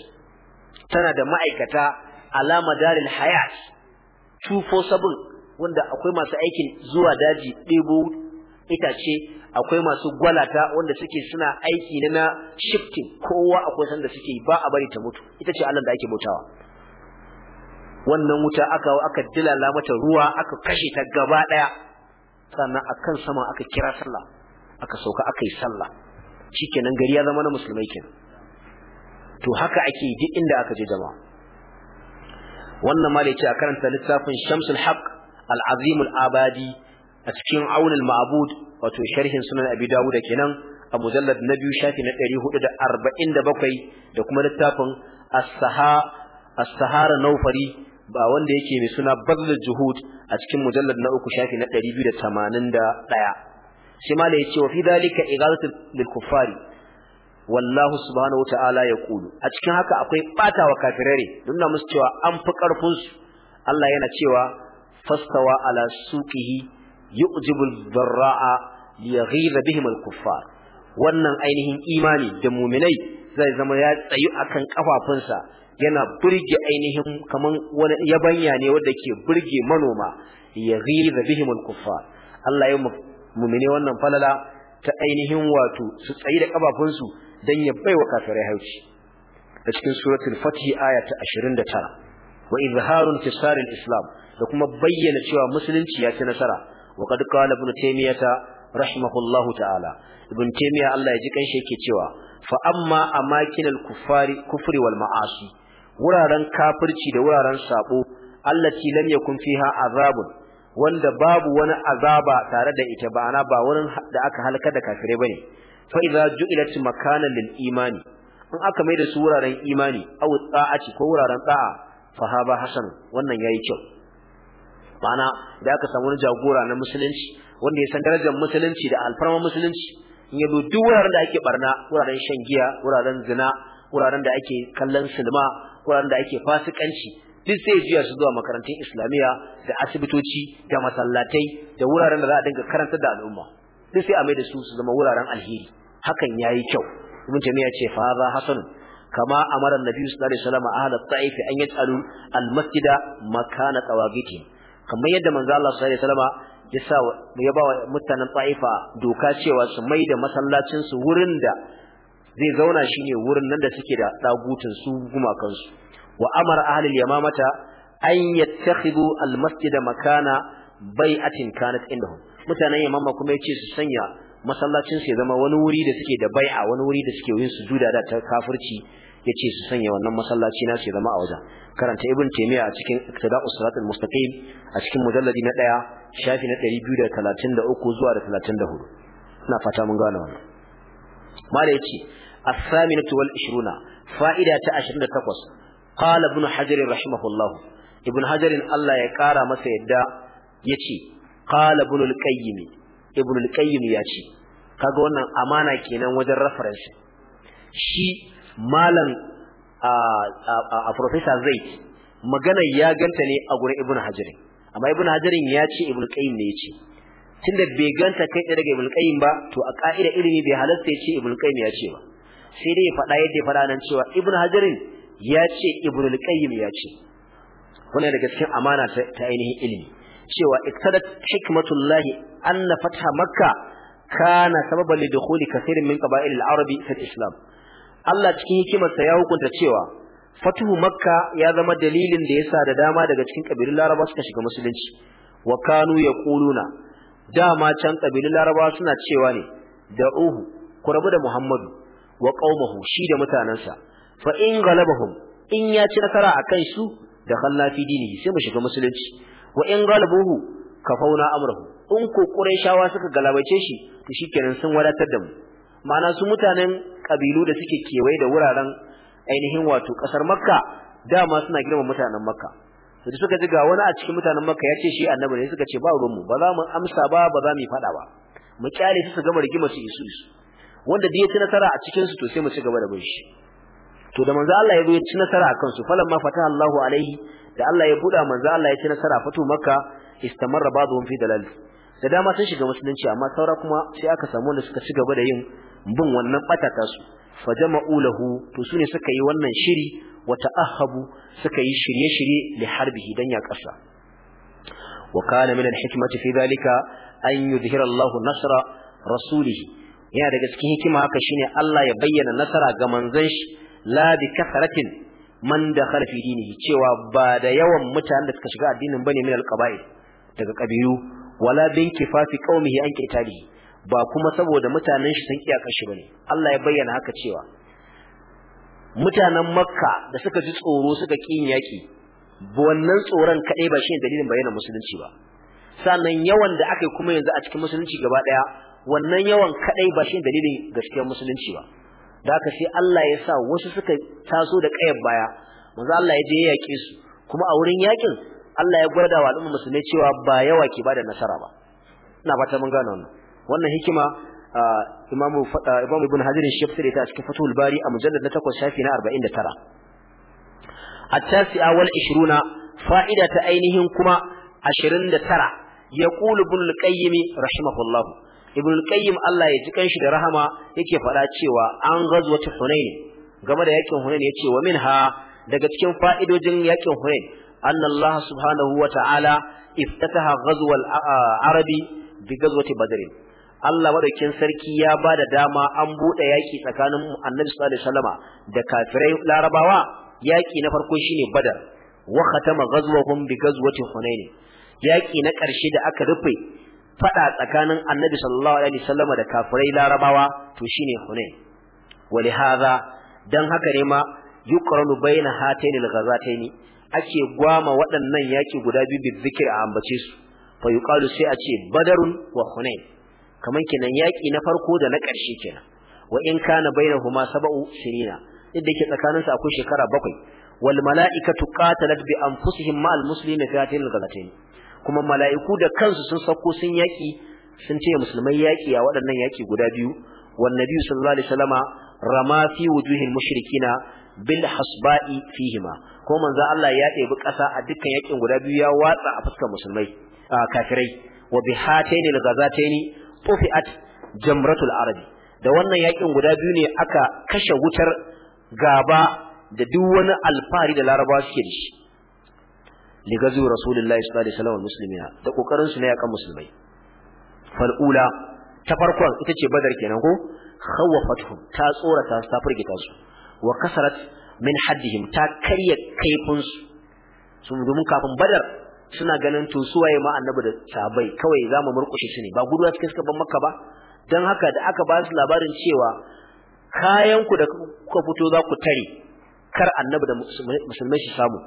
S1: tana da ma'aikata alama daril hayat 247 wanda akwai masu aikin zuwa daji ɗebo itace akwai masu gwalata wanda suke suna aiki na na shifting kowa akwai sanda suke ba a bari ta mutu ita ce Allah da ake bautawa wannan wuta aka aka dilala mata ruwa aka kashe ta gaba daya sannan akan sama aka kira sallah aka sauka aka yi sallah shikenan gari ya zama na musulmai kenan to haka ake duk inda aka je jama'a wannan ma da a karanta littafin Shamsul Haq Al-Azim Al-Abadi a cikin Aun Al-Ma'bud wato sharhin Sunan Abi Dawud kenan a mujallad na biyu shafi na 447 da kuma littafin As-Saha as Nawfari ba wanda yake mai suna Badlul Juhud a cikin mujallad na uku shafi na 281 shi ma da yace wa fi dalika igalatu lil kuffari wallahu subhanahu wataala yaqulu a cikin haka akwai wa kafirare na musu cewa an fi karfin su Allah yana cewa fastawa ala suqihi yu'jibul dharra'a liyaghiza bihim al kuffar wannan ainihin imani da mu'minai zai zama ya tsayu akan kafafunsa yana burge ainihin kaman wani yabanya ne wanda ke burge manoma ya ghiza bihim al-kuffar Allah ya mu'mine wannan falala ta ainihin wato su tsayi da kafafun dan ya baiwa kafirai hauci a cikin suratul fatih aya ta 29 wa izharun tisar al-islam da kuma bayyana cewa musulunci ya ci nasara wa qad qala ibn taymiyata rahimahullahu ta'ala ibn taymiya Allah ya ji kanshi yake cewa fa amma amakinal kufari kufri wal ma'asi wuraren kafirci da wuraren sabo allati lam yakun fiha azabun wanda babu wani azaba tare da ita ba ana ba wurin da aka halaka da kafirai bane fa idza ju'ilat makanan lil imani in aka mai da su wuraren imani aw ta'ati ko wuraren da'a fa haba hasan wannan yayi kyau ma'ana da aka samu jagora na musulunci wanda ya san darajar musulunci da alfarma musulunci in yabo duk wuraren da ake barna wuraren shan giya wuraren zina wuraren da ake kallon silma wuraren da ake fasikanci duk sai jiya su zuwa makarantun islamiya da asibitoci da masallatai da wuraren da za a dinga karanta da al'umma duk sai a mai da su su zama wuraren alheri hakan yayi kyau ibn tamiya ce fa za hasan kama amara nabi sallallahu alaihi wasallam ahla ta'if an yatsalu al-masjida makana tawagiti kamar yadda manzo Allah sallallahu alaihi wasallam ya sa ba wa mutanen ta'ifa doka cewa su mai da masallacin su wurin da zai zauna shine wurin nan da suke da dagutun su gumakan su wa amara ahlul yamamata an al almasjid makana bai'atin kanat indahum mutanen yamama kuma yace su sanya masallacin su ya zama wani wuri da suke da bai'a wani wuri da suke yin sujuda da ta kafirci yace su sanya wannan masallaci na su zama a wajen karanta ibn taymiya a cikin iqtida'us siratal mustaqim a cikin mujalladi na 1 shafi na 233 zuwa da 34 ina fata mun gane wannan mala yace الثامنة والعشرون فائدة عشرين تقص قال ابن حجر رحمه الله ابن حجر الله يكارى سيدا يتي قال ابن القيم ابن القيم يتي kaga wannan amana kenan wajen reference shi malam a a professor Zaid magana ya ganta ne a gurin Ibn Hajar amma Ibn Hajar ya ce Ibn Qayyim ne yace tunda bai ganta kai daga Ibn Qayyim ba to a ka'ida ilimi bai halatta yace Ibn Qayyim ya ce ba sai dai ya faɗa yadda ya faɗa nan cewa ibn hajarin ya ce ibn al-qayyim ya ce wannan daga cikin amana ta ainihin ilimi cewa iktadat hikmatullahi anna fatha makka kana sababan lidukhuli kaseerin min qaba'il al-arabi fi islam Allah cikin hikimarsa ya hukunta cewa fatuhu makka ya zama dalilin da yasa da dama daga cikin kabilun laraba suka shiga musulunci wa kanu yaquluna dama can kabilun laraba suna cewa ne da'uhu ku rabu da muhammadu wa qaumahu shi da mutanansa fa in galabahum in ya ci nasara akan su da khalla dini sai mu shiga musulunci wa in galabuhu kafauna amruhu in ko quraishawa suka galabace shi to shikenan sun wadatar da mu ma'ana su mutanen kabilu da suke kewaye da wuraren ainihin wato kasar makka dama suna girma mutanen makka to da suka ji ga wani a cikin mutanen makka ya ce shi annabi ne suka ce ba ruwanmu ba za mu amsa ba ba za mu yi fada ba mu kyale su su gama rigima su isu isu wanda da ya ci nasara a cikin su to sai mu ci gaba da bin shi to da manzo Allah ya zo ya ci nasara akan su ma fataha Allahu alaihi da Allah ya buda manzo Allah ya ci nasara fito makka istamarra ba'dhum fi dalal da dama sun shiga musulunci amma saura kuma sai aka samu wanda suka ci gaba da yin bin wannan batata su fajama'u lahu to sune suka yi wannan shiri wa ta'ahabu suka yi shirye-shirye li harbihi dan ya kasa wa kana min al-hikmati fi dhalika an yudhhira Allah nasra rasulihi yana daga cikin hikima haka shine Allah ya bayyana nasara ga manzon shi la bi kasratin man dakhal fi dinihi cewa ba da yawan mutanen da suka shiga addinin bane min alqaba'il daga kabilu wala bin kifafi qaumihi an kitali ba kuma saboda mutanen shi sun kiyaka shi bane Allah ya bayyana haka cewa mutanen makka da suka ji tsoro suka kin yaki wannan tsoron kadai ba shine dalilin bayyana musulunci ba sannan yawan da aka yi kuma yanzu a cikin musulunci gaba daya wannan yawan kadai ba shi dalilin gaskiyar musulunci ba da haka sai Allah ya sa wasu suka taso da kayar baya manzo Allah ya je ya yake su kuma a wurin yakin Allah ya gwada wa al'umma musulmai cewa ba yawa ke bada nasara ba ina fata mun gane wannan wannan hikima Imam Imam Ibn Hajar Shafi'i ta cikin Fathul Bari a mujallad na 8 shafi na 49 التاسعة والعشرون فائدة أينهم كما عشرين ترى يقول ابن القيم رحمه الله ibn al-qayyim Allah ya ji kanshi da rahama yake faɗa cewa an ghazwatu hunain game da yakin hunain yace wa minha daga cikin fa'idojin yakin hunain anna Allah subhanahu wa ta'ala iftataha ghazwal arabi bi ghazwati badr Allah madaukin sarki ya ba da dama an bude yaki tsakanin Annabi sallallahu alaihi da kafirai larabawa yaki na farko shine badar wa khatama ghazwahum bi ghazwati hunain yaki na ƙarshe da aka rufe Faɗa tsakanin annabi sallallahu alaihi wasallam da kafirai larabawa to shine hunain haza dan haka ne ma yuqranu baina hatayn al ake gwama waɗannan yaki guda biyu bi zikir a ambace su fa yuqalu sai a ce badarun wa hunain kaman kinan yaki na farko da na ƙarshe kenan wa in kana bainahuma sab'u sinina inda ke tsakanin su akwai shekara bakwai wal mala'ikatu qatalat bi anfusihim ma al muslimina fi hatayn al kuma mala'iku da kansu sun sako sun yaki sun ce musulmai yaki a waɗannan yaki guda biyu wan nabi sallallahu alaihi wasallama rama fi wujuhil mushrikina bil hasba'i fihima ko manzo Allah ya ɗebi ƙasa a dukkan yakin guda biyu ya watsa a fuskar musulmai a kafirai wa bi hataini al ghazataini jamratul arabi da wannan yakin guda biyu ne aka kashe wutar gaba da duk wani alfari da larabawa suke da shi li gazu rasulullahi sallallahu alaihi wasallam muslimina da kokarin su ne akan musulmai Fal'ula, ta farkon ita ce badar kenan ko khawafatuhum ta tsorata su ta firgita su wa kasarat min haddihim ta karya kaifin su domin kafin badar suna ganin to ma annabi da sabai kawai mu murkushe su ne ba guduwa cikin suka ban makka ba dan haka da aka ba su labarin cewa kayan ku da kuka fito za ku tare kar annabi da musulmai su samu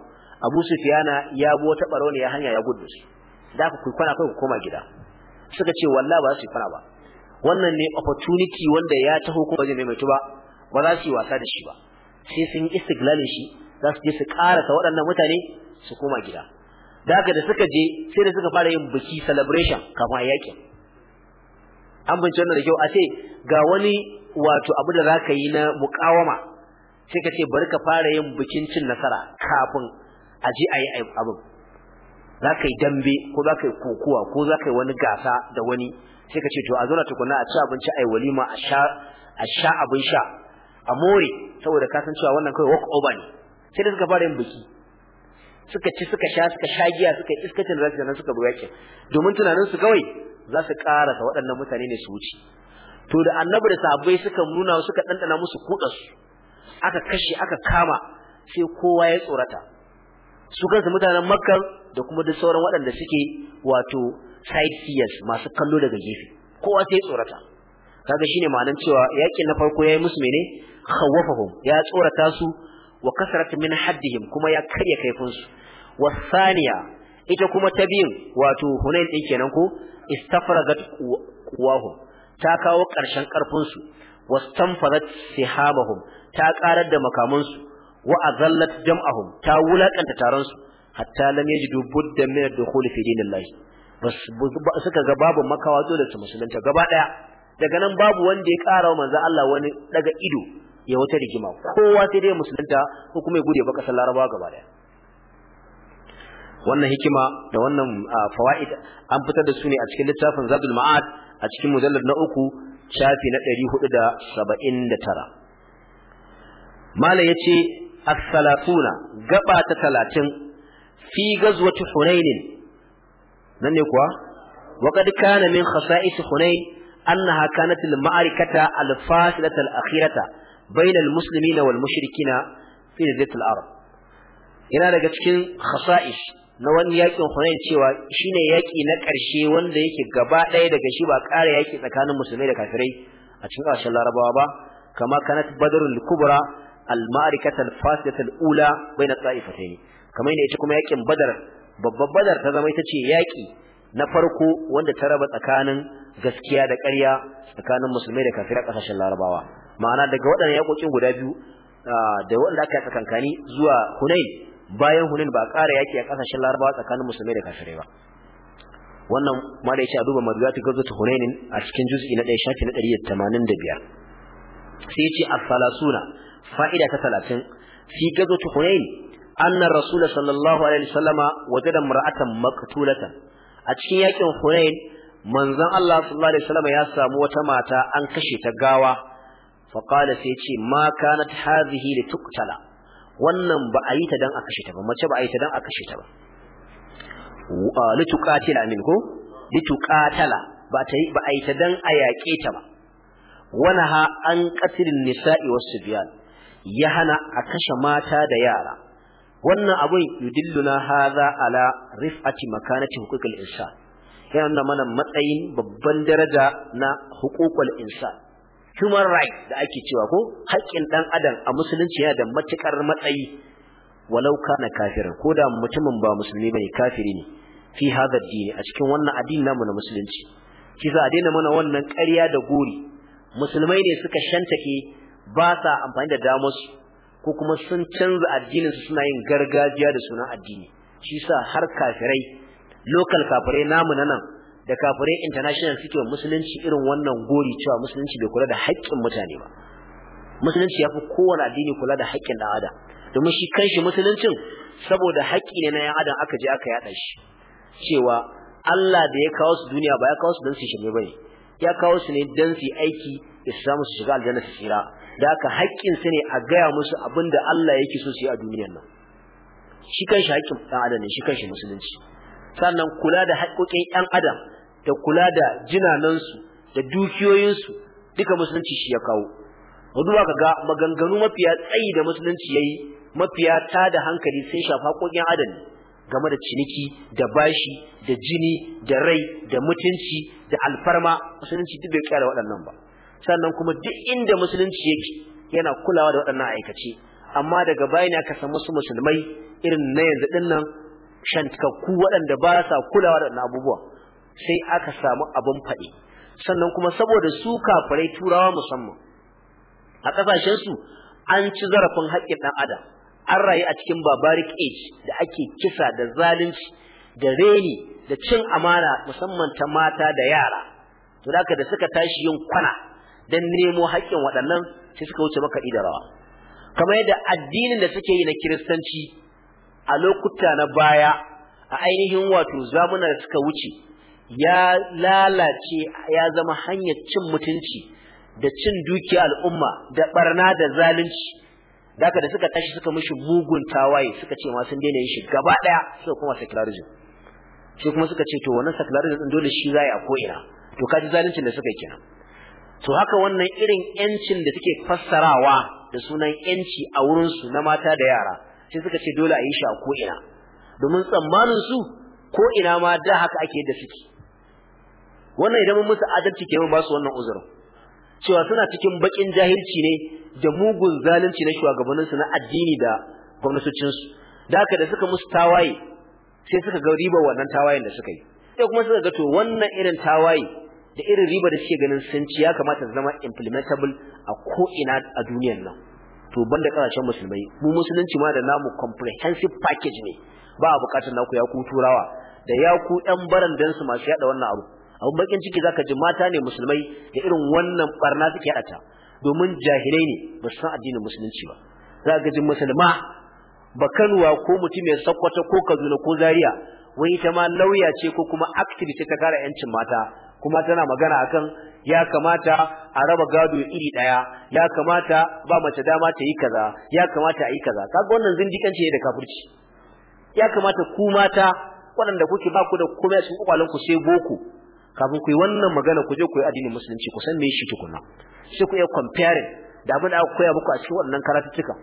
S1: abu sufiyana ya bi wata baro ne ya hanya ya gudu shi da ku ku kwana ku koma gida suka ce wallahi ba su kwana ba wannan ne opportunity wanda ya taho kuma zai maimaitu ba ba za su wasa da shi ba sai sun yi istiglalin shi za su je su karasa waɗannan mutane su koma gida da haka da suka je sai da suka fara yin biki celebration kafin a yakin an bince wannan da kyau a ce ga wani wato abu da za ka yi na mukawama sai ka ce bari ka fara yin bikin cin nasara kafin a je a yi abin za ka yi dambe ko za ka yi kokowa ko za ka yi wani gasa da wani sai ka ce to a zauna tukuna a ci abinci a yi walima a sha abin sha a more saboda ka san cewa wannan kawai walk over ne sai da suka fara yin biki suka ci suka sha suka sha giya suka yi iskacin da nan suka bi yakin domin tunanin su kawai za su karasa waɗannan mutane ne su wuce to da annabi da sahabbai suka nuna suka ɗanɗana musu kuɗa aka kashe aka kama sai kowa ya tsorata su kansu mutanen Makar da kuma duk sauran waɗanda suke wato side seers masu kallo daga gefe kowa sai tsorata kaga shine ma'anar cewa yakin na farko yayi musu mene khawafahum ya tsorata su wa kasrat min haddihim kuma ya karya kaifin su wasaniya ita kuma ta biyun wato hunain din kenan ko istafragat quwahum ta kawo ƙarshen karfin su wastanfarat sihamahum ta ƙarar da makamansu wa azallat jam'ahum ta wulakanta taron su hatta lam yajidu buddan min dukhul fi dinillah bas suka ga babu makawa dole su musulunta gaba daya daga nan babu wanda ya karawa manzo Allah wani daga ido ya wata rigima kowa sai dai musulunta ko kuma ya gude baka laraba gaba daya wannan hikima da wannan fawaid an fitar da su ne a cikin littafin Zadul Ma'ad a cikin mujallad na uku shafi na 479 mala yace as-salatuna gaba ta 30 fi gazwati hunain nan ne kuwa wa kad kana min khasa'is hunain annaha kanat al-ma'rikata al-fasilata al-akhirata bayna al-muslimina wal-mushrikina fi dhil al-arab ina daga cikin khasa'is na wani yakin hunain cewa shine yaƙi na ƙarshe wanda yake gaba ɗaya daga shi ba ƙara yaki tsakanin musulmai da kafirai a cikin ƙarshen larabawa ba kama kanat badrul kubra al-ma'rikatal fasidatal ula bayna ta'ifatayn kamar na ita kuma yakin badar babbar badar ta zama ita ce yaki na farko wanda ta raba tsakanin gaskiya da ƙarya tsakanin musulmai da kafirai kasashen larabawa ma'ana daga waɗannan yakokin guda biyu ah, da wanda aka tsakankani zuwa hunain bayan hunain ba ƙara yaki a kasashen larabawa tsakanin musulmai da kafirai ba wannan ma da yake a duba madiyatu gazatu hunain a cikin juz'i na 1 shafi na 185 sai yace as-salasuna fa'ida ta في fi حنين أن anna صلى الله alaihi وسلم وجد mar'atan مقتولة a cikin yakin hunain manzon Allah sallallahu alaihi wasallama ya sami wata mata an kashe ta gawa fa qala sai ce wannan ba a yi ta dan a kashe ta ba mace ba a yi ta dan a ta ba lituqatila min ko lituqatala ba ta yi ba a yi ta dan a yaƙe ta ba ha an qatilin nisa'i was ya hana a kashe mata da yara wannan abun yudilluna hadha ala rif'ati makanati huquqil insan yana nuna mana matsayin babban daraja na huququl insan human right da ake cewa ko haƙƙin dan adam a musulunci yana da matukar matsayi walau kana kafirin ko da mutumin ba musulmi bane kafiri ne fi hada dini a cikin wannan addini namu na musulunci kiza a daina mana wannan ƙarya da gori musulmai ne suka shantake ba sa amfani da damar su ko kuma sun canza addinin su suna yin gargajiya da sunan addini shi sa har kafirai local kafirai namu nan da kafirai international suke musulunci irin wannan gori cewa musulunci bai kula da haƙƙin mutane ba musulunci yafi kowane addini kula da haƙƙin ɗan adam domin shi kanshi musuluncin saboda haƙƙi ne na adam aka je aka yaɗa shi cewa Allah da ya kawo su duniya ba ya kawo su don su shirme ne? ya kawo su ne don su aiki ya samu su shiga aljanna su tsira da haka haƙƙin su ne a gaya musu abin da Allah yake so su yi a duniyar nan shi kanshi haƙƙin ɗan adam ne shi kanshi musulunci sannan kula da haƙƙoƙin ɗan adam da kula da jinanansu da dukiyoyinsu duka musulunci shi ya kawo ba ka ga maganganu mafiya tsayi da musulunci ya yi mafiya ta da hankali sai shafa haƙoƙin adam game da ciniki da bashi da jini da rai da mutunci da alfarma musulunci duk bai kyara waɗannan ba sannan kuma duk inda musulunci yake yana kulawa da waɗannan aikace amma daga bayan aka kasance su musulmai irin na yanzu din nan shantakakku waɗanda ba sa kulawa da waɗannan abubuwa sai aka samu abin faɗi sannan kuma saboda su kafirai turawa musamman a su an ci zarafin haƙƙin ɗan adam an rayu a cikin barbaric age da ake kisa da zalunci da reni da cin amana musamman ta mata da yara to da suka tashi yin kwana dan nemo haƙƙin waɗannan sai suka wuce makaɗi da rawa kamar yadda addinin da suke yi na kiristanci a lokuta na baya a ainihin wato zamuna da suka wuce ya lalace ya zama hanyar cin mutunci da cin dukiya al'umma da barna da zalunci daga da suka tashi suka mishi mugun tawaye suka ce ma sun daina yin shi gaba ɗaya, suka kuma secularism sai kuma suka ce to wannan secularism din dole shi zai a ko'ina to kaji zaluncin da suka yi kenan to haka wannan irin yancin da suke fassarawa da sunan yanci a wurinsu na mata da yara sai suka ce dole a yi shi a ko ina domin tsammanin su ko ina ma da haka ake da suke wannan idan mun musu adalci ke mun ba su wannan uzurin cewa suna cikin bakin jahilci ne da mugun zalunci na shugabanninsu na addini da gwamnatocinsu da haka da suka musu tawaye sai suka ga ribar wannan tawayen da suka yi sai kuma suka ga to wannan irin tawaye da irin riba da suke ganin sun ci ya kamata su zama implementable a ko ina a duniyar nan to banda kasashen musulmai mu musulunci ma da namu comprehensive package ne ba a bukatar naku ya ku turawa da ya ku ɗan barandan su masu yada wannan abu abun bakin ciki zaka ji mata ne musulmai da irin wannan barna suke yada ta domin jahilai ne ba san addinin musulunci ba za ka ji musulma ba bakanuwa ko mutum mai sakwata ko kaduna ko zaria wai ita ma lauya ce ko kuma activist ta kare yancin mata kuma tana magana akan ya kamata a raba gado iri daya ya kamata ba mace dama ta yi kaza ya kamata a yi kaza kaga wannan zindikanci ne da kafirci ya kamata ku mata waɗanda kuke ba ku da kuma a cikin ku sai boko kafin ku yi wannan magana ku je ku yi addinin musulunci ku san me shi tukuna sai ku iya comparing da abin da aka koya muku a cikin waɗannan karatuttuka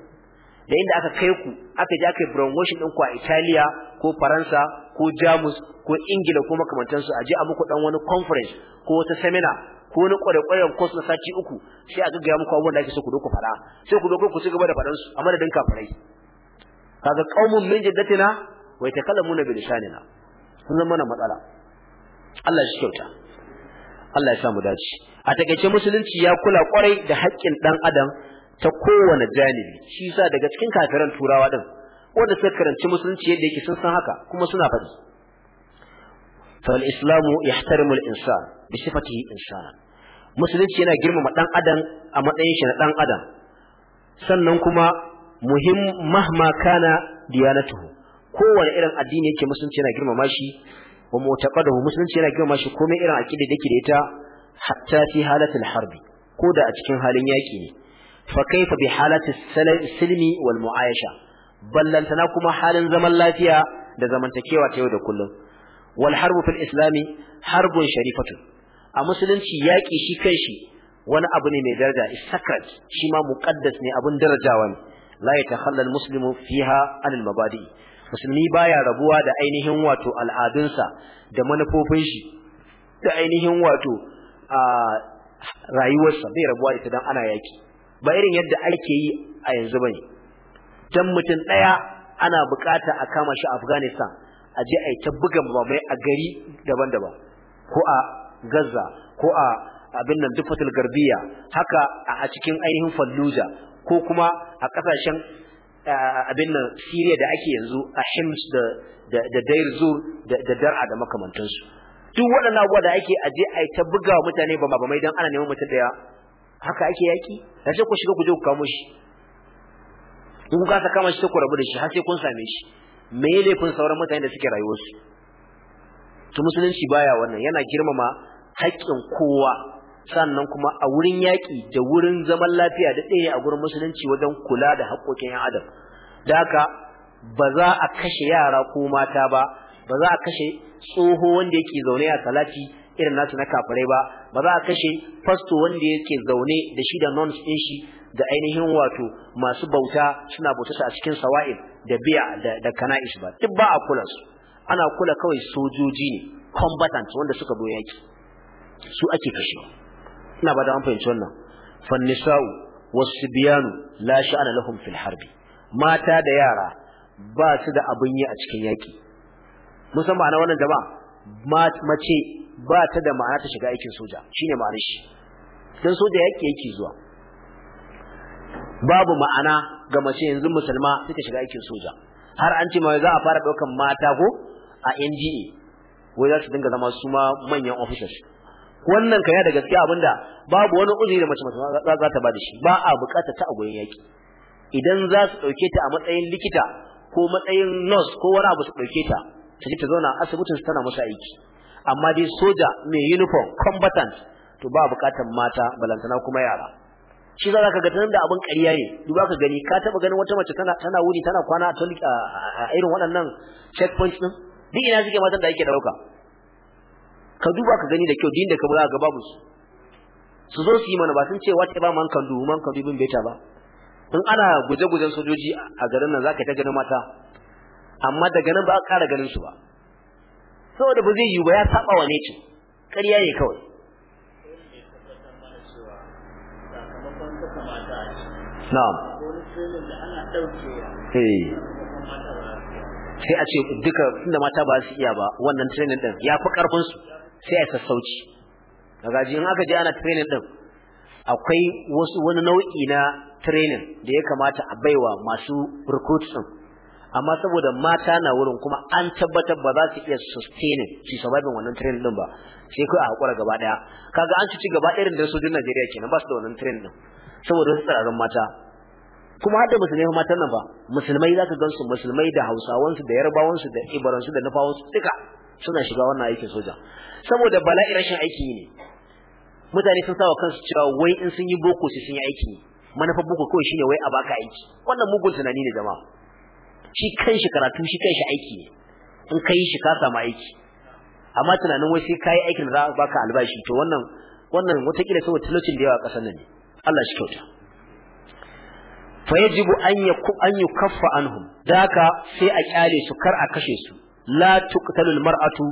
S1: da inda aka kai ku aka je aka yi promotion ɗinku a Italiya ko Faransa ko Jamus ko Ingila ko makamantansu a je a muku dan wani conference ko wata seminar ko wani kwarekwaren course na sati uku sai a gaggaya muku abubuwan da ake so ku doka fara. sai ku doko ku ci gaba da fadan su a madadin kafirai kaga qaumun min jaddatina wa yatakallamuna bi lisanina sun zama mana matsala Allah shi kyauta Allah ya samu dace a takeice musulunci ya kula kwarai da haƙƙin dan adam ta kowane janibi shi sa daga cikin kafiran turawa din wanda suka karanci musulunci yadda yake sun san haka kuma suna faɗi fal islamu yahtarimu al insan bi sifatihi insan musulunci yana girmama dan adam a matsayin shi na dan adam sannan kuma muhim mahma kana diyanatuhu kowane irin addini yake musulunci yana girmama shi wa mu'taqadahu musulunci yana girmama shi komai irin aqida da yake da ita hatta fi halatil harbi ko da a cikin halin yaki ne fa kaifa bi halati silmi wal mu'ayasha ballantana kuma halin zaman lafiya da zamantakewa ta yau da kullum wal harbu fil islami harbun sharifatu a musulunci yaki shi shi wani abu ne mai daraja sakrat shi ma muqaddas ne abun darajawa ne la yatakhalla al muslimu fiha an al mabadi musulmi baya rabuwa da ainihin wato al'adunsa da manufofin shi da ainihin wato a rayuwarsa bai rabuwa ita dan ana yaki ba irin yadda ake yi a yanzu bane dan mutum daya ana bukata a kama shi Afghanistan a je a ta buga a gari daban-daban ko a Gaza ko a abin nan Dufatul Garbiya haka a cikin ainihin Fallujah ko kuma a kasashen abin nan Syria da ake yanzu a Hims da da Deir Zur da Dar'a da makamantansu duk waɗannan abubuwa da ake aje a ta buga mutane ba ba mai dan ana neman mutum daya haka ake yaki da sai ku shiga ku je ku kamo shi in ku kasa kama shi sai ku rabu da shi har sai kun same shi me ne kun sauran mutane da suke rayuwar su to musulunci baya wannan yana girmama haƙƙin kowa sannan kuma a wurin yaƙi da wurin zaman lafiya da ɗaya a gurin musulunci wajen kula da haƙƙoƙin 'yan adam da haka ba za a kashe yara ko mata ba ba za a kashe tsoho wanda yake zaune a salati irin nasu na kafirai ba ba za a kashe fasto wanda yake zaune da shi da nuns din shi da ainihin wato masu bauta suna bauta a cikin sawa'il da biya da kana'is ba duk ba a kula su ana kula kawai sojoji ne combatant wanda suka zo yaki su ake kashewa ina ba da an fahimci wannan fannisa'u wasbiyanu la sha'ana lahum fil harbi mata da yara ba su da abin yi a cikin yaki musamman a wannan jama'a mace ba ta da ma'ana ta shiga aikin soja shine ma'anar shi dan soja yake yake zuwa babu ma'ana ga mace yanzu musulma suka shiga aikin soja har an ce ma za a fara daukan mata ko a NGA wai za su dinga zama su ma manyan officers wannan kaya da gaskiya abinda babu wani uzuri da mace za ta da shi ba a bukata ta a gurin yaki idan za su dauke ta a matsayin likita ko matsayin nurse ko wani abu su dauke ta ta ta zauna asibitin tana masa aiki amma dai soja mai uniform combatant to ba bukatan mata balantana kuma yara shi za ka ga tanan da abin ƙarya ne duba ka gani ka taba ganin wata mace tana tana wuri tana kwana a irin waɗannan checkpoint din duk ina suke matan da yake dauka ka duba ka gani da kyau din da ka ba ga babu su zo su yi mana ba sun ce wata ba man kan du man kan du bin beta ba in ana guje-gujen sojoji a garin nan zaka ta ganin mata amma daga nan ba a ƙara ganin su ba saboda ba zai yi ba ya saba wa ne ce ƙarya ne kawai na'am eh. sai a ce duka inda mata ba su iya ba wannan training din ya fi karfin su sai a sassauci kaga in aka je ana training din akwai wasu wani nau'i na trenin da ya kamata a baiwa masu recruits amma saboda mata na wurin kuma an tabbatar ba za su iya sustaining su survive wannan trend din ba sai kai a hakura gaba daya kaga an ci gaba irin da sojin Najeriya kenan ba su da wannan trend din saboda su tsararrun mata kuma har da musulmai matan nan ba musulmai ka gansu musulmai da Hausawansu da Yarbawansu da su da su duka suna shiga wannan aikin soja saboda bala'i rashin aiki ne mutane sun sawa kansu cewa wai in sun yi boko sai sun yi aiki manufar boko kawai shine wai a baka aiki wannan mugun tunani ne jama'a shi kanshi karatu shi kanshi aiki ne in kai shi ka samu aiki amma tunanin wai sai kai aikin za ka albashi to wannan wannan wataƙila saboda talocin da yawa kasan nan ne Allah shi kyauta Fa yajibu an yaku an yukaffa anhum daka sai a kyale su kar a kashe su la tuqtalu almar'atu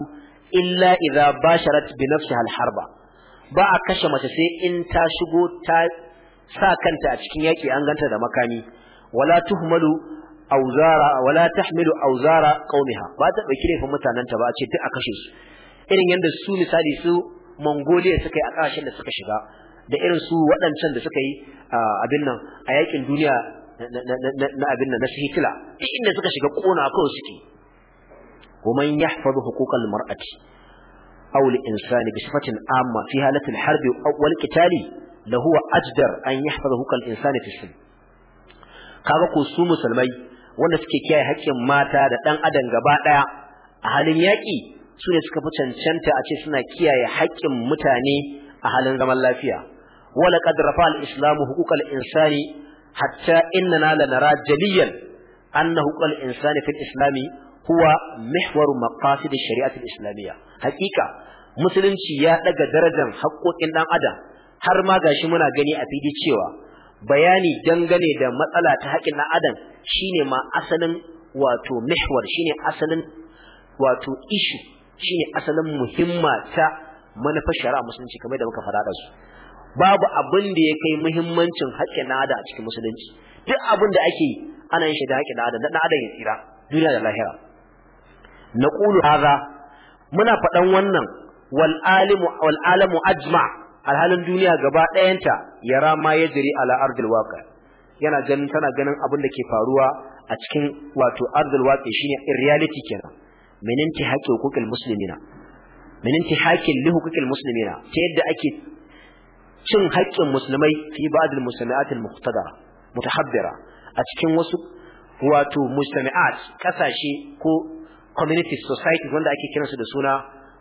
S1: illa idha basharat bi nafsiha alharba ba a kashe mace sai in ta shigo ta sa kanta a cikin yaki an ganta da makami wala tuhmalu auzara wala tahmilu auzara qaumiha ba ta dauki laifin mutananta ba a ce duk a kashe su irin yanda su misali su Mongolia suka yi a kasashen da suka shiga da irin su waɗancan da suka yi abin nan a yakin duniya na abin nan na Hitler duk inda suka shiga kona kawai suke ومن يحفظ حقوق المرأة أو الإنسان بصفة عامة في حالة الحرب والقتال لهو أجدر أن يحفظ حقوق الإنسان fi sin. kaga ko su musulmai wanda suke kiyaye haƙƙin mata da ɗan adam gaba ɗaya a halin yaƙi su ne suka fi cancanta a ce suna kiyaye haƙƙin mutane a halin zaman lafiya wala qad rafa al islam huquqal insani hatta innana lanara jaliyan anna huquqal insani fil islami huwa mihwar maqasid da shariah al-islamiyya haƙiƙa musulunci ya daga darajar haƙoƙin ɗan adam har ma gashi muna gani a fili cewa bayani dangane da matsala ta haƙƙin ɗan adam shine ma asalin wato mihwar shine asalin wato ishu shine asalin muhimma ta manufar shari'a musulunci kamar da muka fara da su babu abin da ya kai muhimmancin haƙƙin nada a cikin musulunci duk abin da ake yi ana yin shi da haƙƙin nada na adam ya tsira duniya da lahira Na naqulu hadha muna faɗan wannan wal alimu wal alamu ajma alhalin duniya gaba ɗayanta yara ma yajri ala ardil waqa yana ganin tana ganin abin da ke faruwa a cikin wato ardul waqi shine in reality kenan min intihaqi huquqil muslimina min intihaqi li huquqil muslimina ta yadda ake cin haƙƙin musulmai fi ba'dil muslimatil muqtadara mutahabbira a cikin wasu wato mujtami'at kasashe ko community society wanda ake kiransu da suna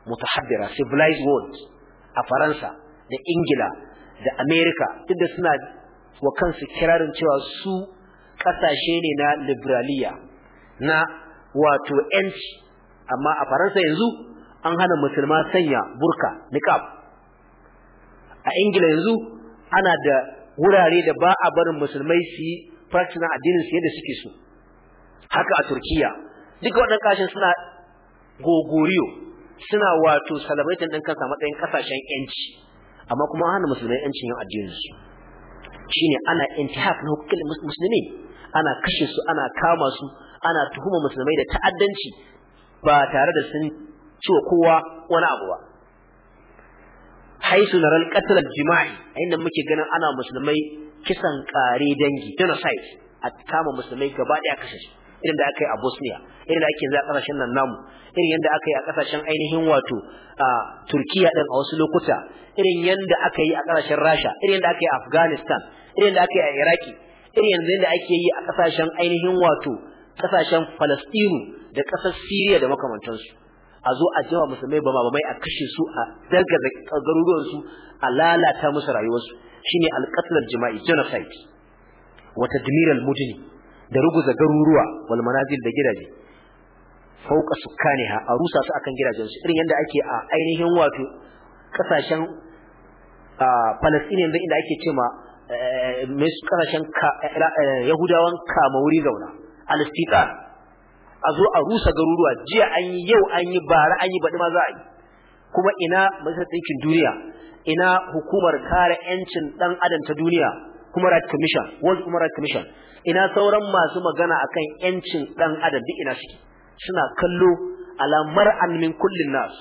S1: mutahabbira civilized world a Faransa da Ingila da America duk da suna wa kansu kirarin cewa su kasashe ne na liberaliya na wato yanci amma a faransa yanzu an hana musulma sanya burka niqab a ingila yanzu ana da wurare da ba a barin musulmai su yi fashina addinin su yadda suke so haka a turkiya duka waɗannan kashin suna gogoriyo suna wato celebrating ɗan kansa matsayin kasashen yanci amma kuma hana musulmai yancin yin addinin su shine ana intihak na hukukul musulmi ana kashe su ana kama su ana tuhuma musulmai da ta'addanci ba tare da sun ciwo kowa wani abu ba haisu naral qatl jima'i inda muke ganin ana musulmai kisan kare dangi genocide a kama musulmai gaba daya kashe su irin da aka yi a Bosnia irin da ake zaɓar a nan namu irin yadda aka yi a ƙasashen ainihin wato a Turkiya ɗin a wasu lokuta irin yadda aka yi a ƙasashen Rasha irin yadda aka yi a Afghanistan irin da aka yi a Iraki irin yadda ake yi a ƙasashen ainihin wato ƙasashen Falastinu da ƙasar Syria da makamantansu a zo a jima musulmai ba ma a kashe su a dargaza garuruwansu a lalata musu rayuwarsu shine alqatl jima'i genocide wata tadmir mutuni. da ruguza garuruwa wal manazil da gidaje fauka sukkaniha a rusa su akan gidajen su irin yanda ake a ainihin wato kasashen Palestine yanzu inda ake cewa mai eh, eh, su kasashen eh, Yahudawan Kamauri zauna al a zo a rusa garuruwa jiya an yi yau an yi bara an yi baɗi ma za a yi kuma ina majalisar duniya ina hukumar kare 'yancin ɗan adam ta duniya kuma rat commission world human commission ina sauran masu magana akan yancin dan adam duk ina shi suna kallo alamar mar'an min kullin nas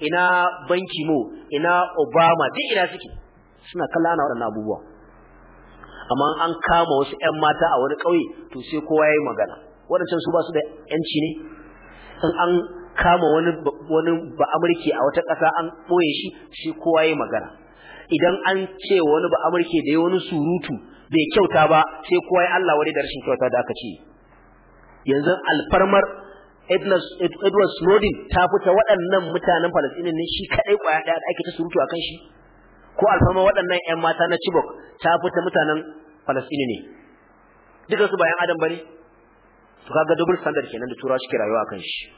S1: ina banki mu ina obama duk ina suke suna kalla ana abubuwa amma an kama wasu 'yan mata a wani kauye to sai kowa yayi magana waɗancan su ba su da yanci ne in an kama wani wani ba a wata ƙasa an ɓoye shi sai kowa yayi magana idan an ce wani ba da ya wani surutu bai kyauta ba sai kowa ya Allah wani da rashin kyauta da aka ce yanzu alfarmar Edward Snowden ta fita waɗannan mutanen Palestinian ne shi kaɗai ƙwaya ɗaya da ake ta surutu a kan shi ko alfarmar waɗannan 'yan mata na Chibok ta fita mutanen Palestinian ne duka su bayan adam bane to kaga double standard kenan da turawa suke rayuwa akan shi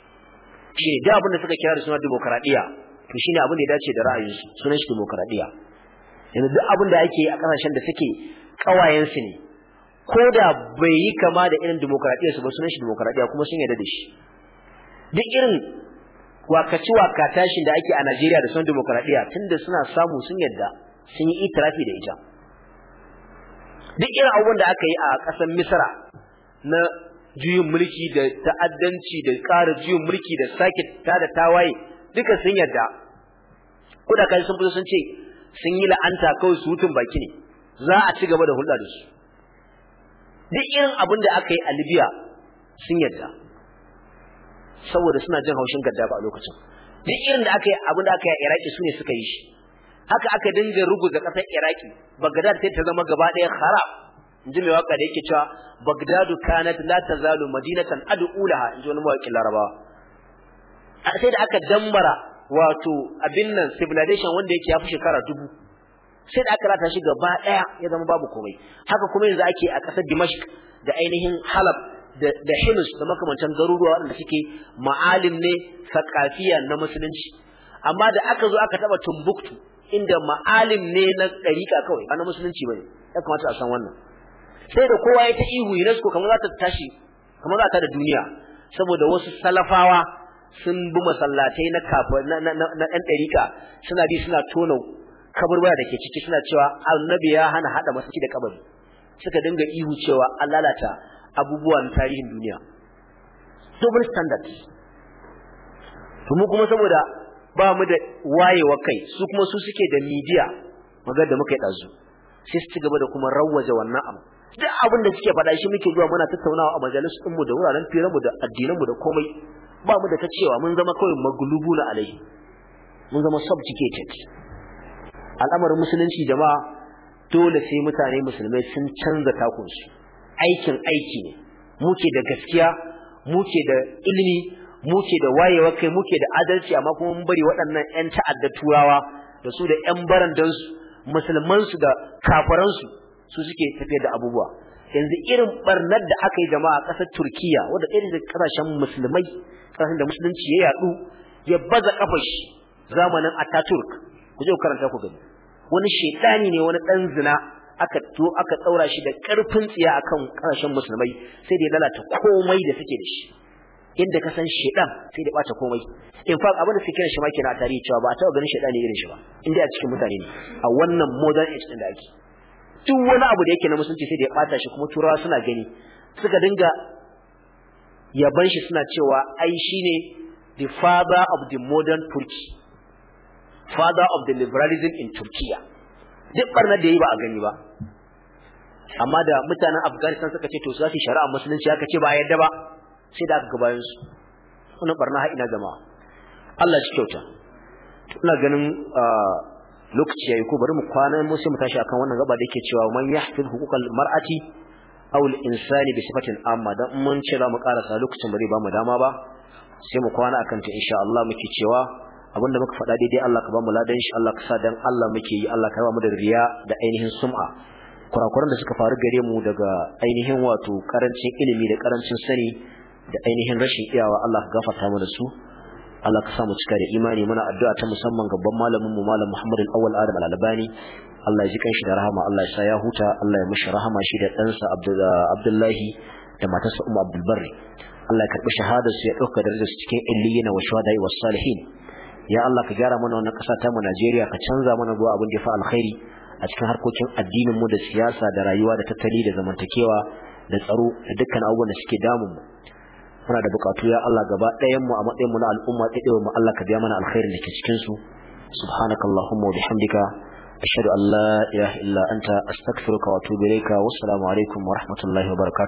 S1: shi ne da da suka kira da suna demokradiya to shine abin da ya dace da ra'ayinsu sunan shi demokradiya yanzu duk abin da ake a ƙasashen da suke kawayensu ne ko da bai yi kama da irin demokradiyya su ba sunan shi demokradiyya kuma sun yarda da shi duk irin wakaci waka tashin da ake a Najeriya da sunan demokradiyya tunda suna samu sun yarda sun yi itirafi da ita duk irin abubuwan da aka yi a ƙasar Misra na juyin mulki da ta'addanci da ƙara juyin mulki da sake tada tawaye duka sun yarda kuda kai sun fito sun ce sun yi la'anta kawai su hutun baki ne za a ci gaba da hulɗa da su duk irin abin da aka yi a Libya sun yadda saboda suna jin haushin ba a lokacin duk irin da aka yi abin da aka yi a Iraki su ne suka yi shi haka aka dinga ruguza ƙasar Iraki bagdad ta zama gaba ɗaya in ji mai waka da yake cewa "Bagdadu kanat la tazalu madinatan ad'ulaha In ji wani mawaƙin Larabawa sai da aka dambara wato abin nan civilization wanda yake ya fi shekara dubu sai da aka rata shi gaba daya ya zama babu komai haka kuma yanzu ake a kasar Dimashq da ainihin Halab da da Hims da makamantan garuruwa waɗanda suke ma'alim ne sakafiya na musulunci amma da aka zo aka taba Timbuktu inda ma'alim ne na ɗariƙa kawai ba na musulunci bane ya kamata a san wannan sai da kowa ya ta ihu UNESCO kamar za ta tashi kamar za ta da duniya saboda wasu salafawa sun bi masallatai na kafa na ɗan ɗarika suna bi suna tona kaburbura da ke ciki suna cewa annabi ya hana hada masaki da kabari suka dinga ihu cewa an lalata abubuwan tarihin duniya double standard mu kuma saboda ba mu da wayewa kai su kuma su suke da media magar da muka yi dazu sai su ci gaba da kuma rawaje wannan abu duk abin da suke faɗa shi muke zuwa muna tattaunawa a majalis ɗinmu da wuraren mu da addinanmu da komai ba mu da ta cewa mun zama kawai na alai mun zama subjugated al'amarin musulunci jama'a dole sai mutane musulmai sun canza takunsu aikin aiki ne muke da gaskiya muke da ilimi muke da wayewa kai muke da adalci amma kuma mun bari waɗannan ƴan ta'adda turawa da su da ƴan barandansu musulmansu da kafaransu su suke tafiyar da abubuwa yanzu irin barnar da aka yi jama'a ƙasar Turkiya wanda irin da ƙasashen musulmai ƙasashen da musulunci ya yaɗu ya baza ƙafar shi zamanin Ataturk ku je ku karanta ku gani wani shedani ne wani dan zina aka to aka daura shi da karfin tsiya akan kasashen musulmai sai da ya lalata komai da suke da shi inda ka san shedan sai da bata komai in fact abin da suke kira shi ma kina a tarihi cewa ba a taba ganin shedani irin shi ba inda a cikin mutane ne a wannan modern age din da ake duk wani abu da yake na musulunci sai da ya bata shi kuma turawa suna gani suka dinga yaban shi suna cewa ai shine the father of the modern turkey father of the liberalism in Turkiya duk barna da yi ba a gani ba amma da mutanen Afghanistan suka ce to su zafi shari'a musulunci aka ce ba yadda ba sai da aka ga bayan su wannan barna ha ina jama'a Allah shi kyauta ina ganin ah, lokaci yayi ko bari mu kwana mu sai mu tashi akan wannan gaba da yake cewa man yahfid huquqal mar'ati aw al insani bi sifatin amma dan mun ce za mu karasa lokacin bari ba mu dama ba sai mu kwana akan ta insha Allah muke cewa abinda muka faɗa daidai Allah ka bamu ladan shi Allah ka sa dan Allah muke yi Allah ka raba mu da riya da ainihin sum'a kurakuran da suka faru gare mu daga ainihin wato karancin ilimi da karancin sani da ainihin rashin iyawa Allah ka gafarta mu da su Allah ka sa mu cika da imani muna addu'a ta musamman ga babban malamin mu malam Muhammad al-Awwal Adam al-Albani Allah ya ji kanshi da rahama Allah ya sa ya huta Allah ya mishi rahama shi da ɗansa Abdullahi da matarsa Umma Abdul Barri Allah ya karbi shahadar su ya dauka darajar su cikin illiyina wa shuhada'i was salihin ya Allah ka gyara mana wannan ƙasa ta mu Najeriya ka canza mana zuwa abin da ya alkhairi a cikin harkokin addinin mu da siyasa da rayuwa da tattali da zamantakewa da tsaro da dukkan abubuwan da suke damun mu muna da bukatu ya Allah gaba ɗayan mu a matsayin mu na al'umma ɗaiɗewa mu Allah ka biya mana alkhairin da ke cikin su subhanakallahumma wa bihamdika ashhadu an la ilaha illa anta astaghfiruka wa atubu ilayka wassalamu alaikum wa rahmatullahi wa barakatuh